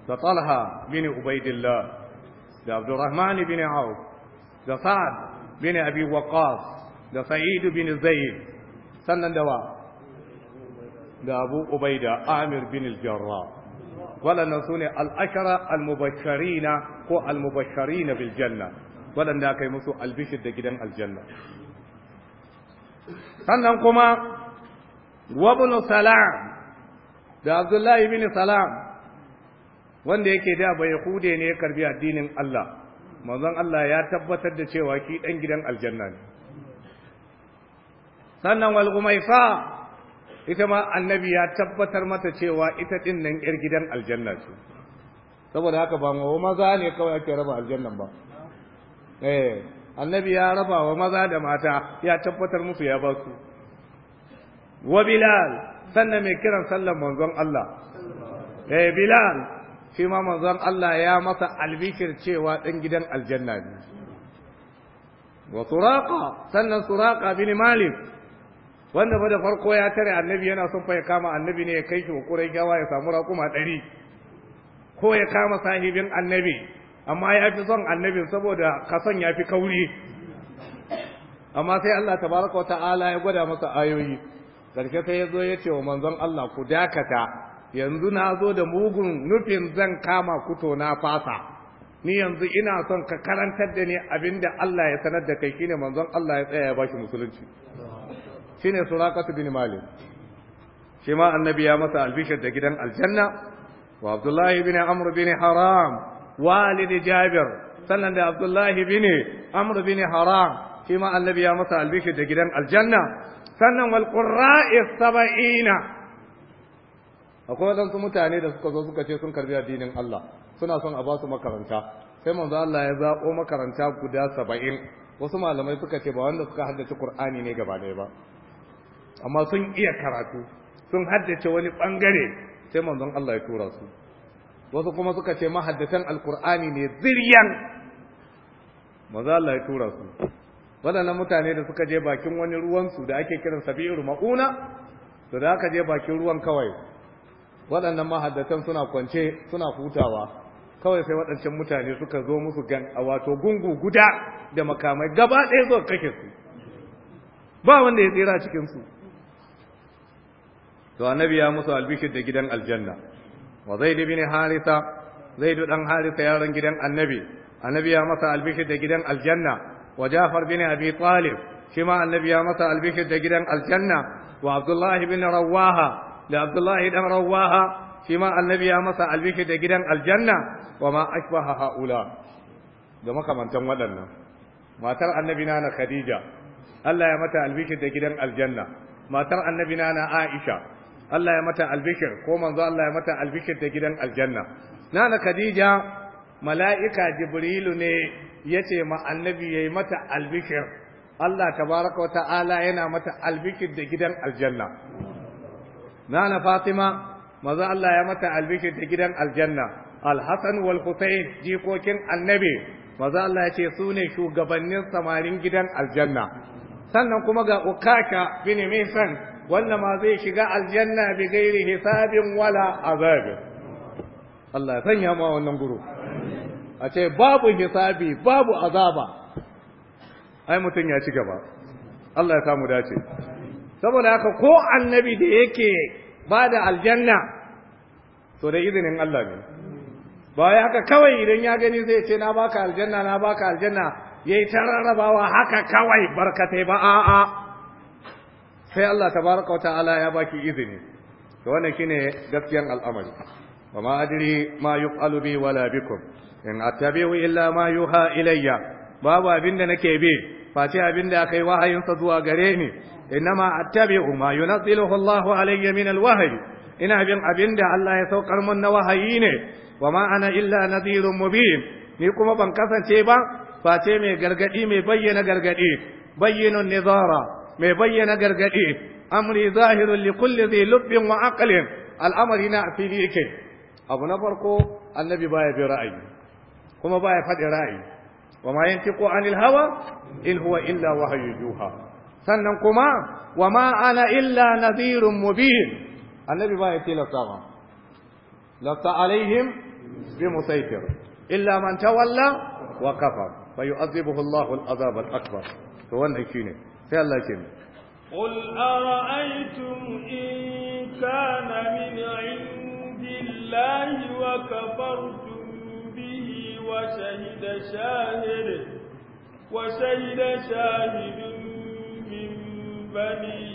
da talha bin ubaidillah da abdurrahman bin auf da sa'ad bin abi waqas da sa'id bin zaid sannan da wa da abu ubaida amir bin al-jarrah waɗannan su ne al'ashara al-mubasharina ko al-mubasharina bil waɗanda aka yi musu albishir da gidan aljanna sannan kuma wabnu salam da abdullahi bin salam wanda yake da bai yahude ne ya karbi addinin Allah manzon Allah ya tabbatar da cewa ki ɗan gidan aljanna ne sannan wal gumaysa ita ma annabi ya tabbatar mata cewa ita din nan yar gidan aljanna ce saboda haka ba ma maza ne kawai ake raba aljannan ba eh annabi ya raba wa maza da mata ya tabbatar musu ya ba su wa bilal sannan mai kiran sallan manzon Allah eh bilal shi ma manzon Allah ya masa albishir cewa dan gidan aljanna ne wa suraqa sannan suraqa bin malik wanda ba da farko ya tare annabi yana son fa kama annabi ne ya kai shi hukurai yawa ya samu raƙuma ɗari ko ya kama sahibin annabi amma ya fi son annabin saboda kasan ya fi kauri amma sai Allah tabaraka wata'ala ya gwada masa ayoyi karshe sai ya zo ya ce wa manzon Allah ku dakata yanzu na zo da mugun nufin zan kama kuto na fasa ni yanzu ina son ka karantar da ni abinda Allah ya sanar da kai shine manzon Allah ya tsaya ya bashi musulunci shine suraqatu bin malik shi ma annabi ya masa albishir da gidan aljanna wa abdullahi bin amr bin haram walid jabir sannan da abdullahi bin amr bin haram shi ma annabi ya masa albishir da gidan aljanna sannan wal qurra'i saba'ina akwai wadansu mutane da suka zo suka ce sun karbi addinin Allah suna son a ba su makaranta sai manzo Allah ya zaɓo makaranta guda saba'in wasu malamai suka ce ba wanda suka haddace Qur'ani ne gaba ɗaya ba amma sun iya karatu sun haddace wani bangare sai manzon Allah ya tura su wasu kuma suka ce mahaddatan alkur'ani ne ziryan maza Allah ya tura su waɗannan mutane da suka je bakin wani ruwansu da ake kiran sabiru ma'una to da aka je bakin ruwan kawai waɗannan mahaddatan suna kwance suna hutawa kawai sai waɗancan mutane suka zo musu gan a wato gungu guda da makamai gaba ɗaya zuwa kake su ba wanda ya tsira cikin su to annabi ya musu albishir da gidan aljanna wa zaid ibn harisa zaid dan harisa yaron gidan annabi annabi ya masa albishir da gidan aljanna wa jafar bin abi talib shima annabi ya masa albishir da gidan aljanna wa abdullah ibn rawaha da abdullah dan rawaha Shima annabi ya masa albishir da gidan aljanna wa ma ashbaha haula da makamantan waɗannan matar annabi na na khadija Allah ya mata albishir da gidan aljanna matar annabi na na aisha Allah ya mata albikir ko manzo Allah ya mata albikir da gidan aljanna nana Khadija mala'ika Jibrilu ne yace ma annabi yayi mata albikir Allah tabaraka wa ta'ala yana mata albikir da gidan aljanna nana Fatima manzo Allah ya mata albikir da gidan aljanna alhasan wal Husayn jikokin annabi manzo Allah ya ce su ne shugabannin samarin gidan aljanna sannan kuma ga ukaka bin misan wanda ma zai shiga aljanna bi gairi hisabin wala azab Allah sanya ma wannan guru a ce babu hisabi babu azaba ai mutum ya ci gaba Allah ya samu dace saboda haka ko annabi da yake bada aljanna to da izinin Allah ne ba haka kawai idan ya gani zai ce na baka aljanna na baka aljanna yayi tararrabawa haka kawai barkatai ba a'a sai Allah tabaraka wa ta'ala ya baki izini to wannan shine gaskiyan al'amari wa ma adri ma yuqalu bi wala bikum in attabi'u illa ma yuha ilayya babu abinda nake bi face abinda akai wahayin sa zuwa gare ni innama attabi'u ma yunazziluhu Allahu alayya min ina bin abinda Allah ya saukar mun na wahayi ne wa ma ana illa nadhirun mubin ni kuma ban kasance ba face mai gargadi mai bayyana gargadi bayyinun nizara mai bayyana gargadi amri zahirun li kulli dhi lubbin wa aqlin al'amari na fili yake abu na farko annabi baya bi ra'ayi kuma baya faɗi ra'ayi wa ma yantiqu anil hawa in huwa illa wahyu yuha sannan kuma wa ma ana illa nadhirun mubin annabi baya tilastawa lafta alaihim bi musaytir illa man tawalla wa kafa. fayu'adhibuhu Allahu al-'adhab al-akbar to wannan shine في الله كم قل أرأيتم إن كان من عند الله وكفرتم به وشهد شاهد وشهد شاهد من بني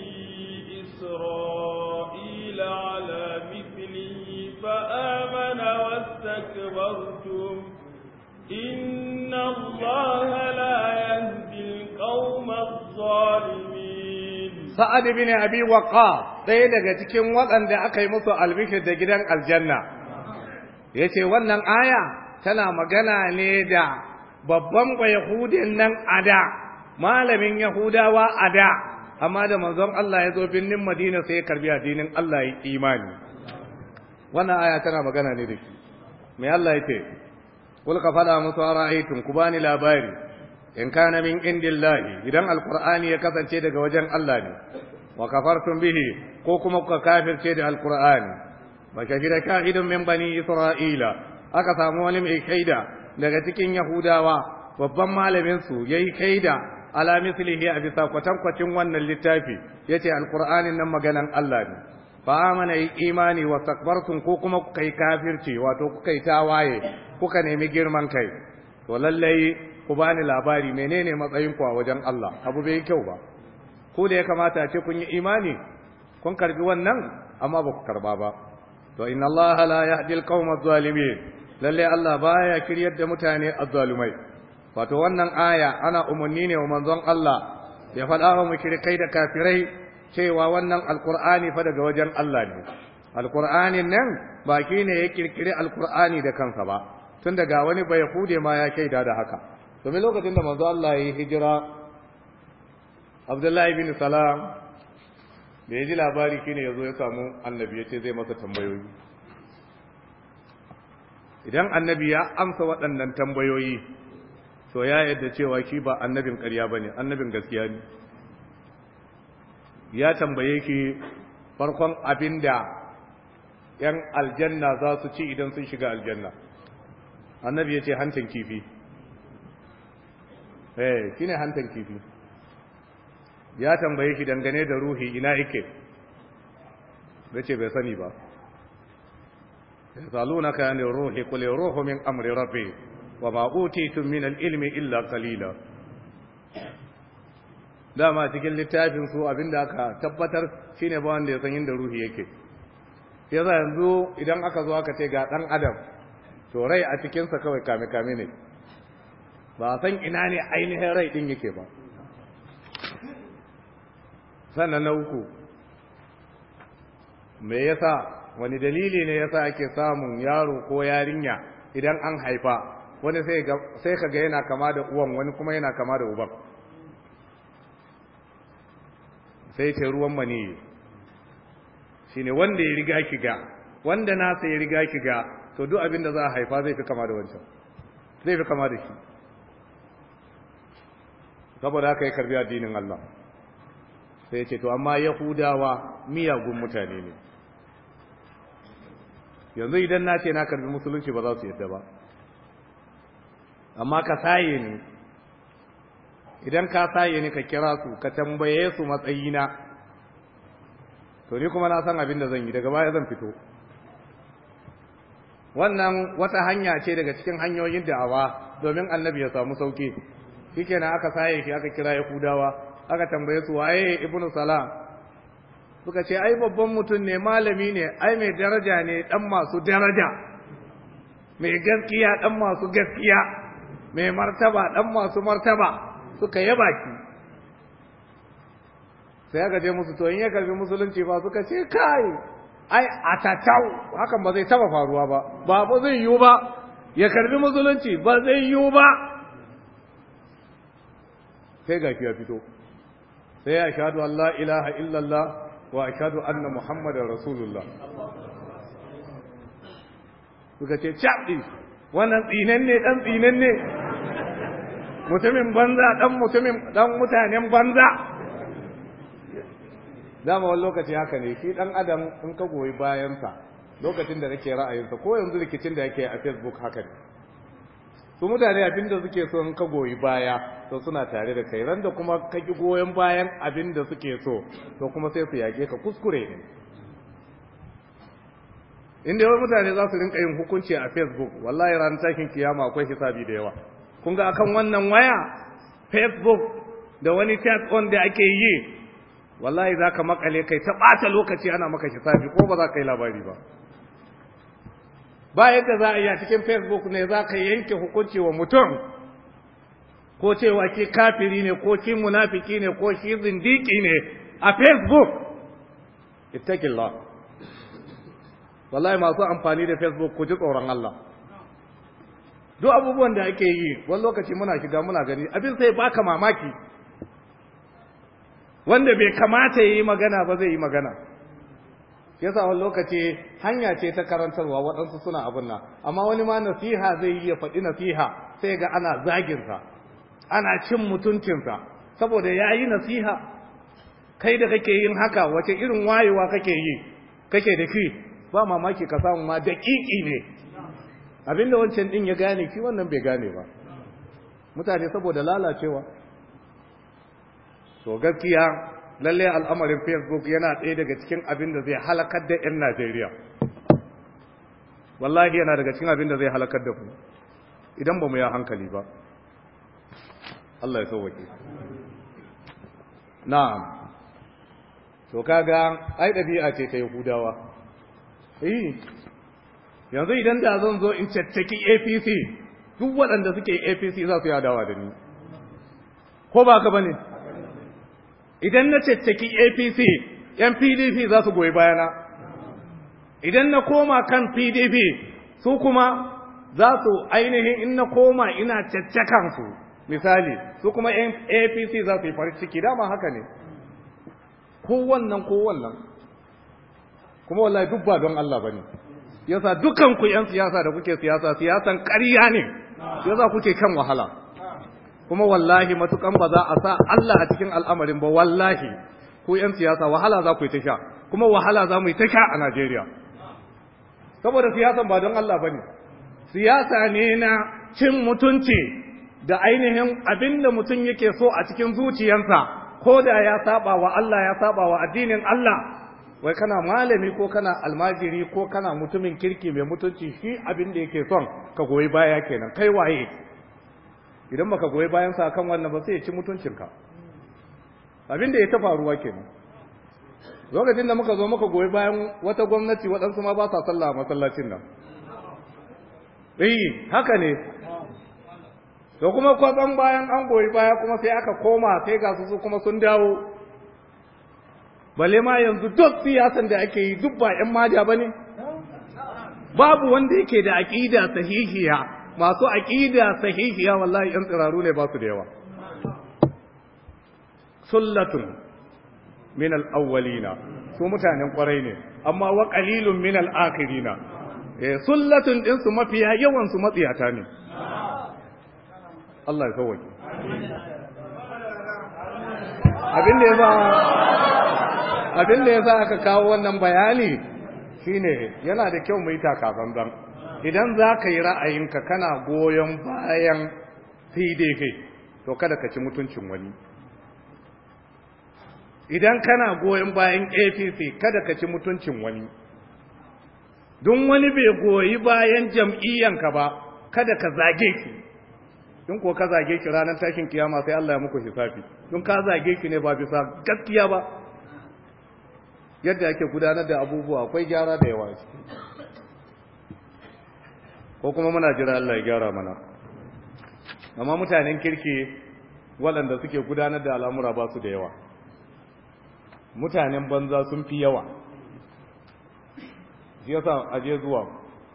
إسرائيل على مثله فآمن واستكبرتم إن الله لا يهدي القوم الظالمين سعد بن أبي ɗaya daga cikin waɗanda aka yi musu albishir da gidan aljanna ya ce wannan aya tana magana ne da babban bayahudin nan a da malamin yahudawa a da amma da manzon Allah ya zo birnin madina sai ya karbi addinin Allah ya imani wannan aya tana magana ne da shi me Allah ya ce Kulka faɗa musu ara'aytum ku bani labari in kana min indillahi idan alqur'ani ya kasance daga wajen Allah ne wa kafartum bihi ko kuma kuka kafirce da alqur'ani ba shahida ka'idun min bani isra'ila aka samu wani mai kaida daga cikin yahudawa babban malamin su yayi kaida ala mislihi a bisa kwatankwacin wannan littafi yace alqur'anin nan maganan Allah ne fa amana imani wa takbartum ko kuma kuka yi kafirci wato kuka yi tawaye kuka nemi girman kai to lallai ku bani labari menene matsayin ku a wajen Allah abu bai kyau ba ko da ya kamata ce kun yi imani kun karbi wannan amma ba ku karba ba to inna Allah la yahdi alqawm adh-dhalimin lalle Allah baya kiryar da mutane azzalumai wato wannan aya ana umarni ne wa manzon Allah ya faɗawa mu mushrikai da kafirai cewa wannan alkur'ani fa daga wajen Allah ne alkur'anin nan baki ne ya kirkiri alkur'ani da kansa ba tun daga wani bai hude ma ya kai da haka domin lokacin da manzo Allah ya hijira Abdullahi bin Salam da ya ji labari kine yazo ya samu annabi ya ce zai masa tambayoyi idan annabi ya amsa waɗannan tambayoyi to ya yadda cewa shi ba annabin ƙarya bane annabin gaskiya ne ya tambaye ki farkon abin da ‘yan aljanna za su ci idan sun shiga aljanna annabi ya ce hantan kifi eh kine ne hantan kifi ya tambaye ki dangane da ruhi ina ike Ya ce bai sani ba Ya zalu na ne ruhi kule ruhu min amri rabbi wa ma utitum min al-ilmi illa qalila dama cikin littafin su da aka tabbatar shine ba wanda ya san inda ruhi yake yasa yanzu idan aka zo aka ce ga dan adam to rai a cikinsa sa kawai kame kame ne ba san ina ne ainihin rai din yake ba sannan na uku me yasa wani dalili ne yasa ake samun yaro ko yarinya idan an haifa wani sai ka ga yana kama da uwan wani kuma yana kama da uban sai ce ruwan mani ne wanda ya riga ki ga wanda nasa ya riga ki ga to duk abin da za a haifa zai fi kama da wancan zai fi kama da shi saboda haka ya karbi addinin Allah sai ce to amma yahudawa miyagun mutane ne yanzu idan na ce na karbi musulunci ba za su yadda ba amma ka saye ne idan ka saye ni ka kira su ka tambaye su matsayina to ni kuma na san abin da zan yi daga baya zan fito wannan wata hanya ce daga cikin hanyoyin da'awa domin annabi ya samu sauki na aka saye shi aka kira ya kudawa, aka tambaye su waye ibnu salam suka ce ai babban mutum ne malami ne ai mai daraja ne dan masu daraja mai gaskiya ɗan masu gaskiya mai martaba ɗan masu martaba suka yaba ki sai aka je musu to in ya karbi musulunci ba suka ce kai ai atatau hakan ba zai taba faruwa ba ba ba zai yiwu ba ya karbi musulunci ba zai yiwu ba sai ga ya fito sai ya shahadu Allah ilaha illallah wa ashhadu anna muhammadar rasulullah suka ce chaɗi wannan tsinen ne ɗan tsinen ne mutumin banza dan mutumin dan mutanen banza dama wani lokaci haka ne shi dan adam in ka goyi bayansa lokacin da nake ra'ayinsa ko yanzu rikicin da yake a facebook haka ne su mutane abin da suke so in ka goyi baya to suna tare da kai randa kuma ka ki goyon bayan abin da suke so to kuma sai su yage ka kuskure ne inda yawan mutane za su rinka yin hukunci a facebook wallahi ran takin kiyama akwai hisabi da yawa kun ga akan wannan waya facebook da wani chat on da ake yi wallahi zaka ka makale kai ta ɓata lokaci ana maka hisabi ko ba za ka yi labari ba ba yadda za a yi a cikin facebook ne za ka yanke hukunci wa mutum ko cewa ki kafiri ne ko ki munafiki ne ko shi zindiki ne a facebook ittaqillah wallahi masu amfani da facebook ku ji tsoron Allah duk abubuwan da ake yi wani lokaci muna shiga muna gani abin sai baka mamaki wanda bai kamata yi magana ba zai yi magana yasa wani lokaci hanya ce ta karantarwa waɗansu suna abin nan amma wani ma nasiha zai yi ya faɗi nasiha sai ga ana zaginsa ana cin mutuncinsa saboda ya yi nasiha kai da kake yin haka wace irin wayewa kake yi kake da shi? ba mamaki ka samu ma daƙiƙi ne abinda wancan din ya gane ki wannan bai gane ba mutane saboda lalacewa so gaskiya lalle al'amarin facebook yana ɗaya daga cikin abin da zai halakar da 'yan najeriya wallahi yana daga cikin abin da zai halakar da ku idan ba mu ya hankali ba Allah ya sauwake na'am to kaga ai dabi'a ce ta yahudawa eh yanzu idan da zan zo in cattaki apc duk waɗanda suke apc za su yi adawa da ni ko ba ka bane idan na cattaki apc yan pdp za su goyi bayana idan na koma kan pdp su kuma za su ainihin in na koma ina su misali su kuma yan apc za su yi farin ciki dama haka ne ko wannan ko wannan kuma wallahi duk ba don allah bane ne yasa dukan ku yan siyasa da kuke siyasa siyasan ƙarya ne yasa kuke kan wahala kuma wallahi matukan ba za a sa Allah a cikin al'amarin ba wallahi ku yan siyasa wahala za ku yi ta sha kuma wahala za mu yi ta sha a Najeriya saboda siyasan ba don Allah bane siyasa ne na cin mutunci da ainihin abin da mutum yake so a cikin zuciyarsa ko da ya saba wa Allah ya saba wa addinin Allah wai kana malami ko kana almajiri ko kana mutumin kirki mai mutunci shi abin da yake son ka goyi baya kenan kai waye idan baka goyi bayan sa kan wannan ba sai ya ci mutuncinka abin da ya ta faruwa kenan lokacin da muka zo muka goyi bayan wata gwamnati waɗansu ma ba sa sallah a masallacin nan eh haka ne to kuma kwatsan bayan an goyi baya kuma sai aka koma sai ga su kuma sun dawo bale ma yanzu duk siyasan da ake yi duk ba yan maja ne? babu wanda yake da aƙida sahihiya masu aƙida sahihiya wallahi 'yan tsiraru ne ba su da yawa sullatun min al'awwalina su mutanen kwarai ne amma wa ƙalilun min al'akirina eh sullatun ɗinsu mafiya yawansu matsiyata ne Allah ya kawai abin da ya ba abin da za aka kawo wannan bayani shine yana da kyau mai yi takafanzan idan za ka yi ra'ayinka kana goyon bayan kai, to kada ka ci mutuncin wani idan kana goyon bayan apc kada ka ci mutuncin wani don wani bai goyi bayan jam'iyyanka ba kada ka zage ki don ko ka zage ki ranar tashin kiyama sai Allah ya muku hisafi. don ka zage ki ne ba bisa gaskiya ba yadda ake gudanar da abubuwa akwai gyara da yawa ciki ko kuma muna jira Allah ya gyara mana amma mutanen kirki waɗanda suke gudanar da al'amura ba su da yawa mutanen banza sun fi yawa shi yasa aje zuwa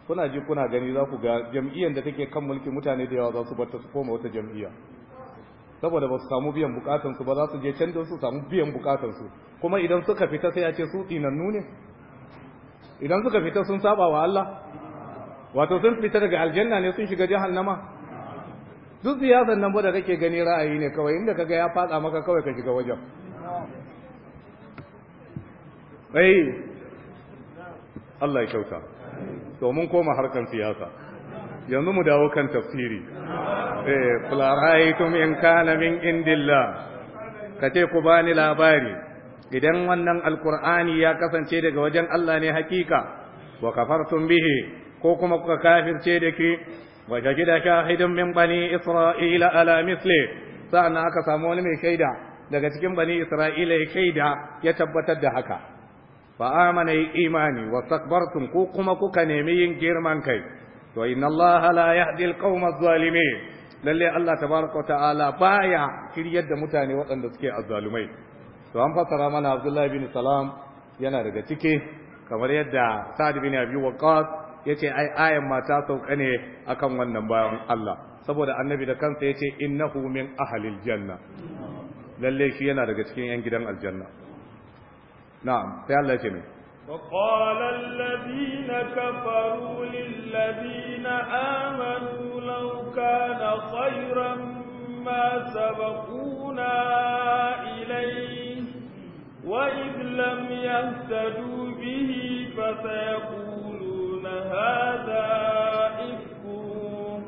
kuna ji kuna gani za ku ga jam'iyyar da take kan mulki mutane da yawa za su bar ta su koma wata jam'iyya saboda ba su samu biyan bukatansu ba za su je can su samu biyan bukatansu kuma idan suka fita sai ya ce su tsinannu ne idan suka fita sun saba wa Allah wato sun fita daga aljanna ne sun shiga jahannama duk siyasan nan da kake gani ra'ayi ne kawai inda kaga ya fada maka kawai ka shiga wajen ai Allah ya kyauta to mun koma harkan siyasa yanzu mu dawo kan tafsiri قل eh, in إن min من عند ku كتي قباني labari. idan wannan alkur'ani ya kasance daga wajen Allah ne hakika wa kafartum bihi ko kuma kuka kafirce da ki wa gida shahidun min bani isra'ila ala misli sa'an aka samu wani mai shaida daga cikin bani isra'ila ya shaida ya tabbatar da haka fa amana imani wa takbartum ko kuma kuka nemi yin girman kai to inna Allah la yahdi alqawma adh-dhalimin lalle Allah tabaraka ta'ala baya kiryar da mutane waɗanda suke azzalumai to an fassara mana Abdullahi bin Salam yana daga cike kamar yadda Sa'd bin Abi Waqqas yace ai ayan mata sauka ne akan wannan bayan Allah saboda annabi da kansa yace innahu min ahlil janna lalle shi yana daga cikin yan gidan aljanna na'am sai Allah ya ce mai وقال الذين كفروا للذين آمنوا لو كان خيرا ما سبقونا إليه وإذ لم يهتدوا به فسيقولون هذا إفك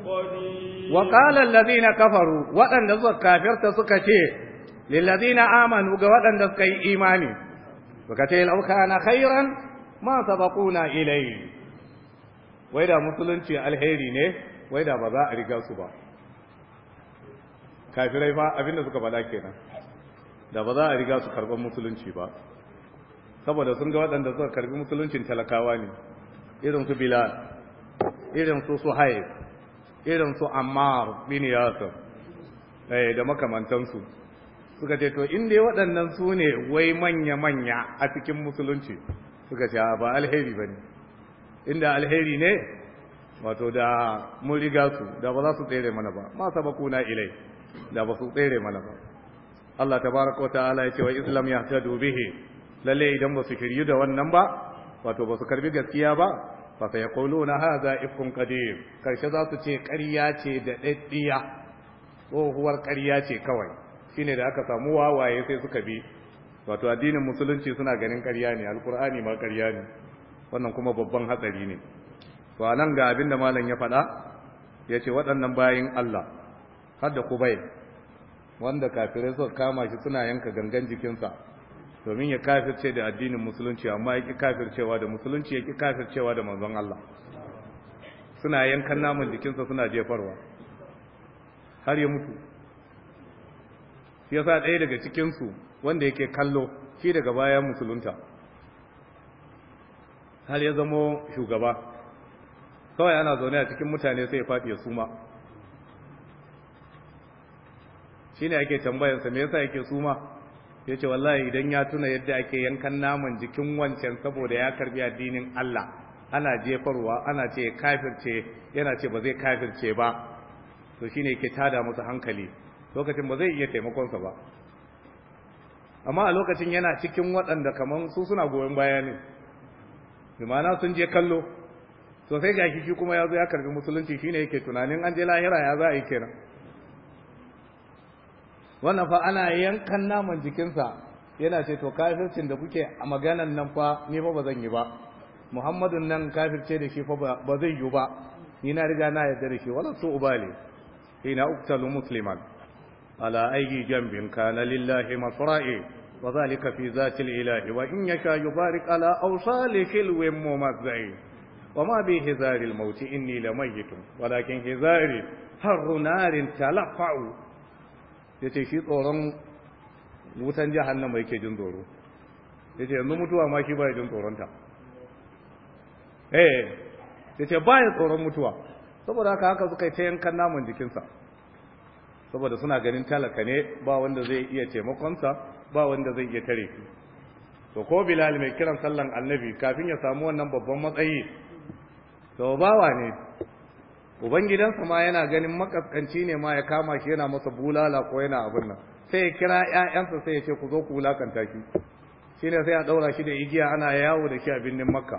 قدير وقال الذين كفروا وأن نزق كافرت سكتي للذين آمنوا وأن نزق إيماني suka ce law kana khairan ma sabaquna ilayhi wai da musulunci alheri ne wai da ba za a riga su ba kafirai fa abinda suka faɗa kenan da ba za a riga su karɓar musulunci ba saboda sun ga waɗanda suka karɓi musuluncin talakawa ne irin su bilal irin su suhaib irin su ammar bin yasir da makamantansu suka ce to inda ya waɗannan su ne wai manya-manya a cikin musulunci suka ce ba alheri ba ne inda alheri ne wato da mun riga su da ba za su tsere mana ba ma saba kuna ilai da ba su tsere mana ba Allah ta baraka wa ta'ala ya ce wa islam ya ta he? lalle idan ba su shiryu da wannan ba wato ba su karbi gaskiya ba fa sai yaquluna hadha ifkun qadim karshe za su ce ƙarya ce da daddiya tsohuwar ƙarya ce kawai ne da aka samu wawaye sai suka bi wato addinin musulunci suna ganin ƙarya ne alkur'ani ma ƙarya ne wannan kuma babban hatsari ne to a nan ga abin da malam ya faɗa ya ce waɗannan bayan Allah har da kubai wanda kafirai suka kama shi suna yanka gangan jikinsa domin ya kafirce da addinin musulunci amma ya ƙi kafircewa da musulunci ya ƙi kafircewa da manzon Allah suna yankan naman jikinsa suna jefarwa har ya mutu shi yasa ɗaya daga cikinsu wanda yake kallo shi daga bayan musulunta har ya zamo shugaba kawai ana zaune a cikin mutane sai ya faɗi ya suma shi ne ake tambayansa me yasa yake suma ya ce wallahi idan ya tuna yadda ake yankan naman jikin wancan saboda ya karbi addinin Allah ana jefarwa ana ce kafirce yana ce ba zai kafirce ba to ne ke tada masa hankali lokacin ba zai iya taimakonsa ba amma a lokacin yana cikin waɗanda kamar su suna goyon baya ne limana sun je kallo sosai sai ga shi kuma ya zo ya karbi musulunci shine yake tunanin an je lahira ya za a yi kenan wannan fa ana yankan naman jikinsa yana ce to kafircin da kuke a maganan nan fa ni fa ba zan yi ba muhammadun nan kafirce da shi fa ba zai yi ba ni na riga na yarda da shi wala su ubali ina uktalu musliman على أي جنب كان لله مصرائي وذلك في ذات الإله وإن يشاء يبارك على أوصال خلو ممزعي وما به هزار الموت إني لميت ولكن هزاري حر نار تلقع shi tsoron wutan jahannama yake jin tsoro yace yanzu mutuwa ma shi baya jin tsoronta eh yace baya tsoron mutuwa saboda haka haka suka ta yankan naman jikinsa saboda suna ganin talaka ne ba wanda zai iya taimakonsa ba wanda zai iya tare su to ko bilal mai kiran sallan annabi kafin ya samu wannan babban matsayi to bawa ne ubangidansa ma yana ganin makaskanci ne ma ya kama shi yana masa bulala ko yana abin nan sai ya kira ƴaƴansa sai ya ce ku zo ku wulakanta shi shine sai a daura shi da igiya ana yawo da shi a birnin makka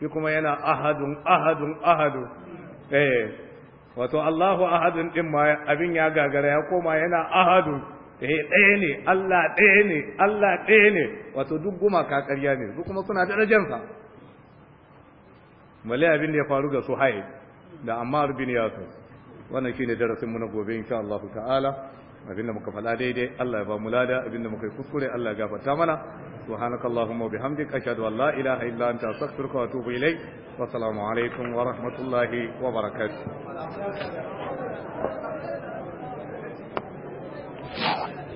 shi kuma yana ahadun ahadun ahadu eh wato Allahu ahadun din ma abin ya gagara ya koma yana Ahadu. eh ɗaya ne Allah ɗaya ne Allah ɗaya ne wato duk gumaka ƙarya ne duk kuma suna darajansa mali abin da ya faru ga Suhaib da Ammar bin Yasir wannan shine darasin mu na gobe insha Allah ta'ala abinda muka faɗa daidai Allah ya ba mu lada abinda muka yi kuskure Allah ya gafarta mana subhanakallahumma wa bihamdika ashhadu an la ilaha illa anta astaghfiruka wa atubu ilaik wa assalamu alaikum wa rahmatullahi wa barakatuh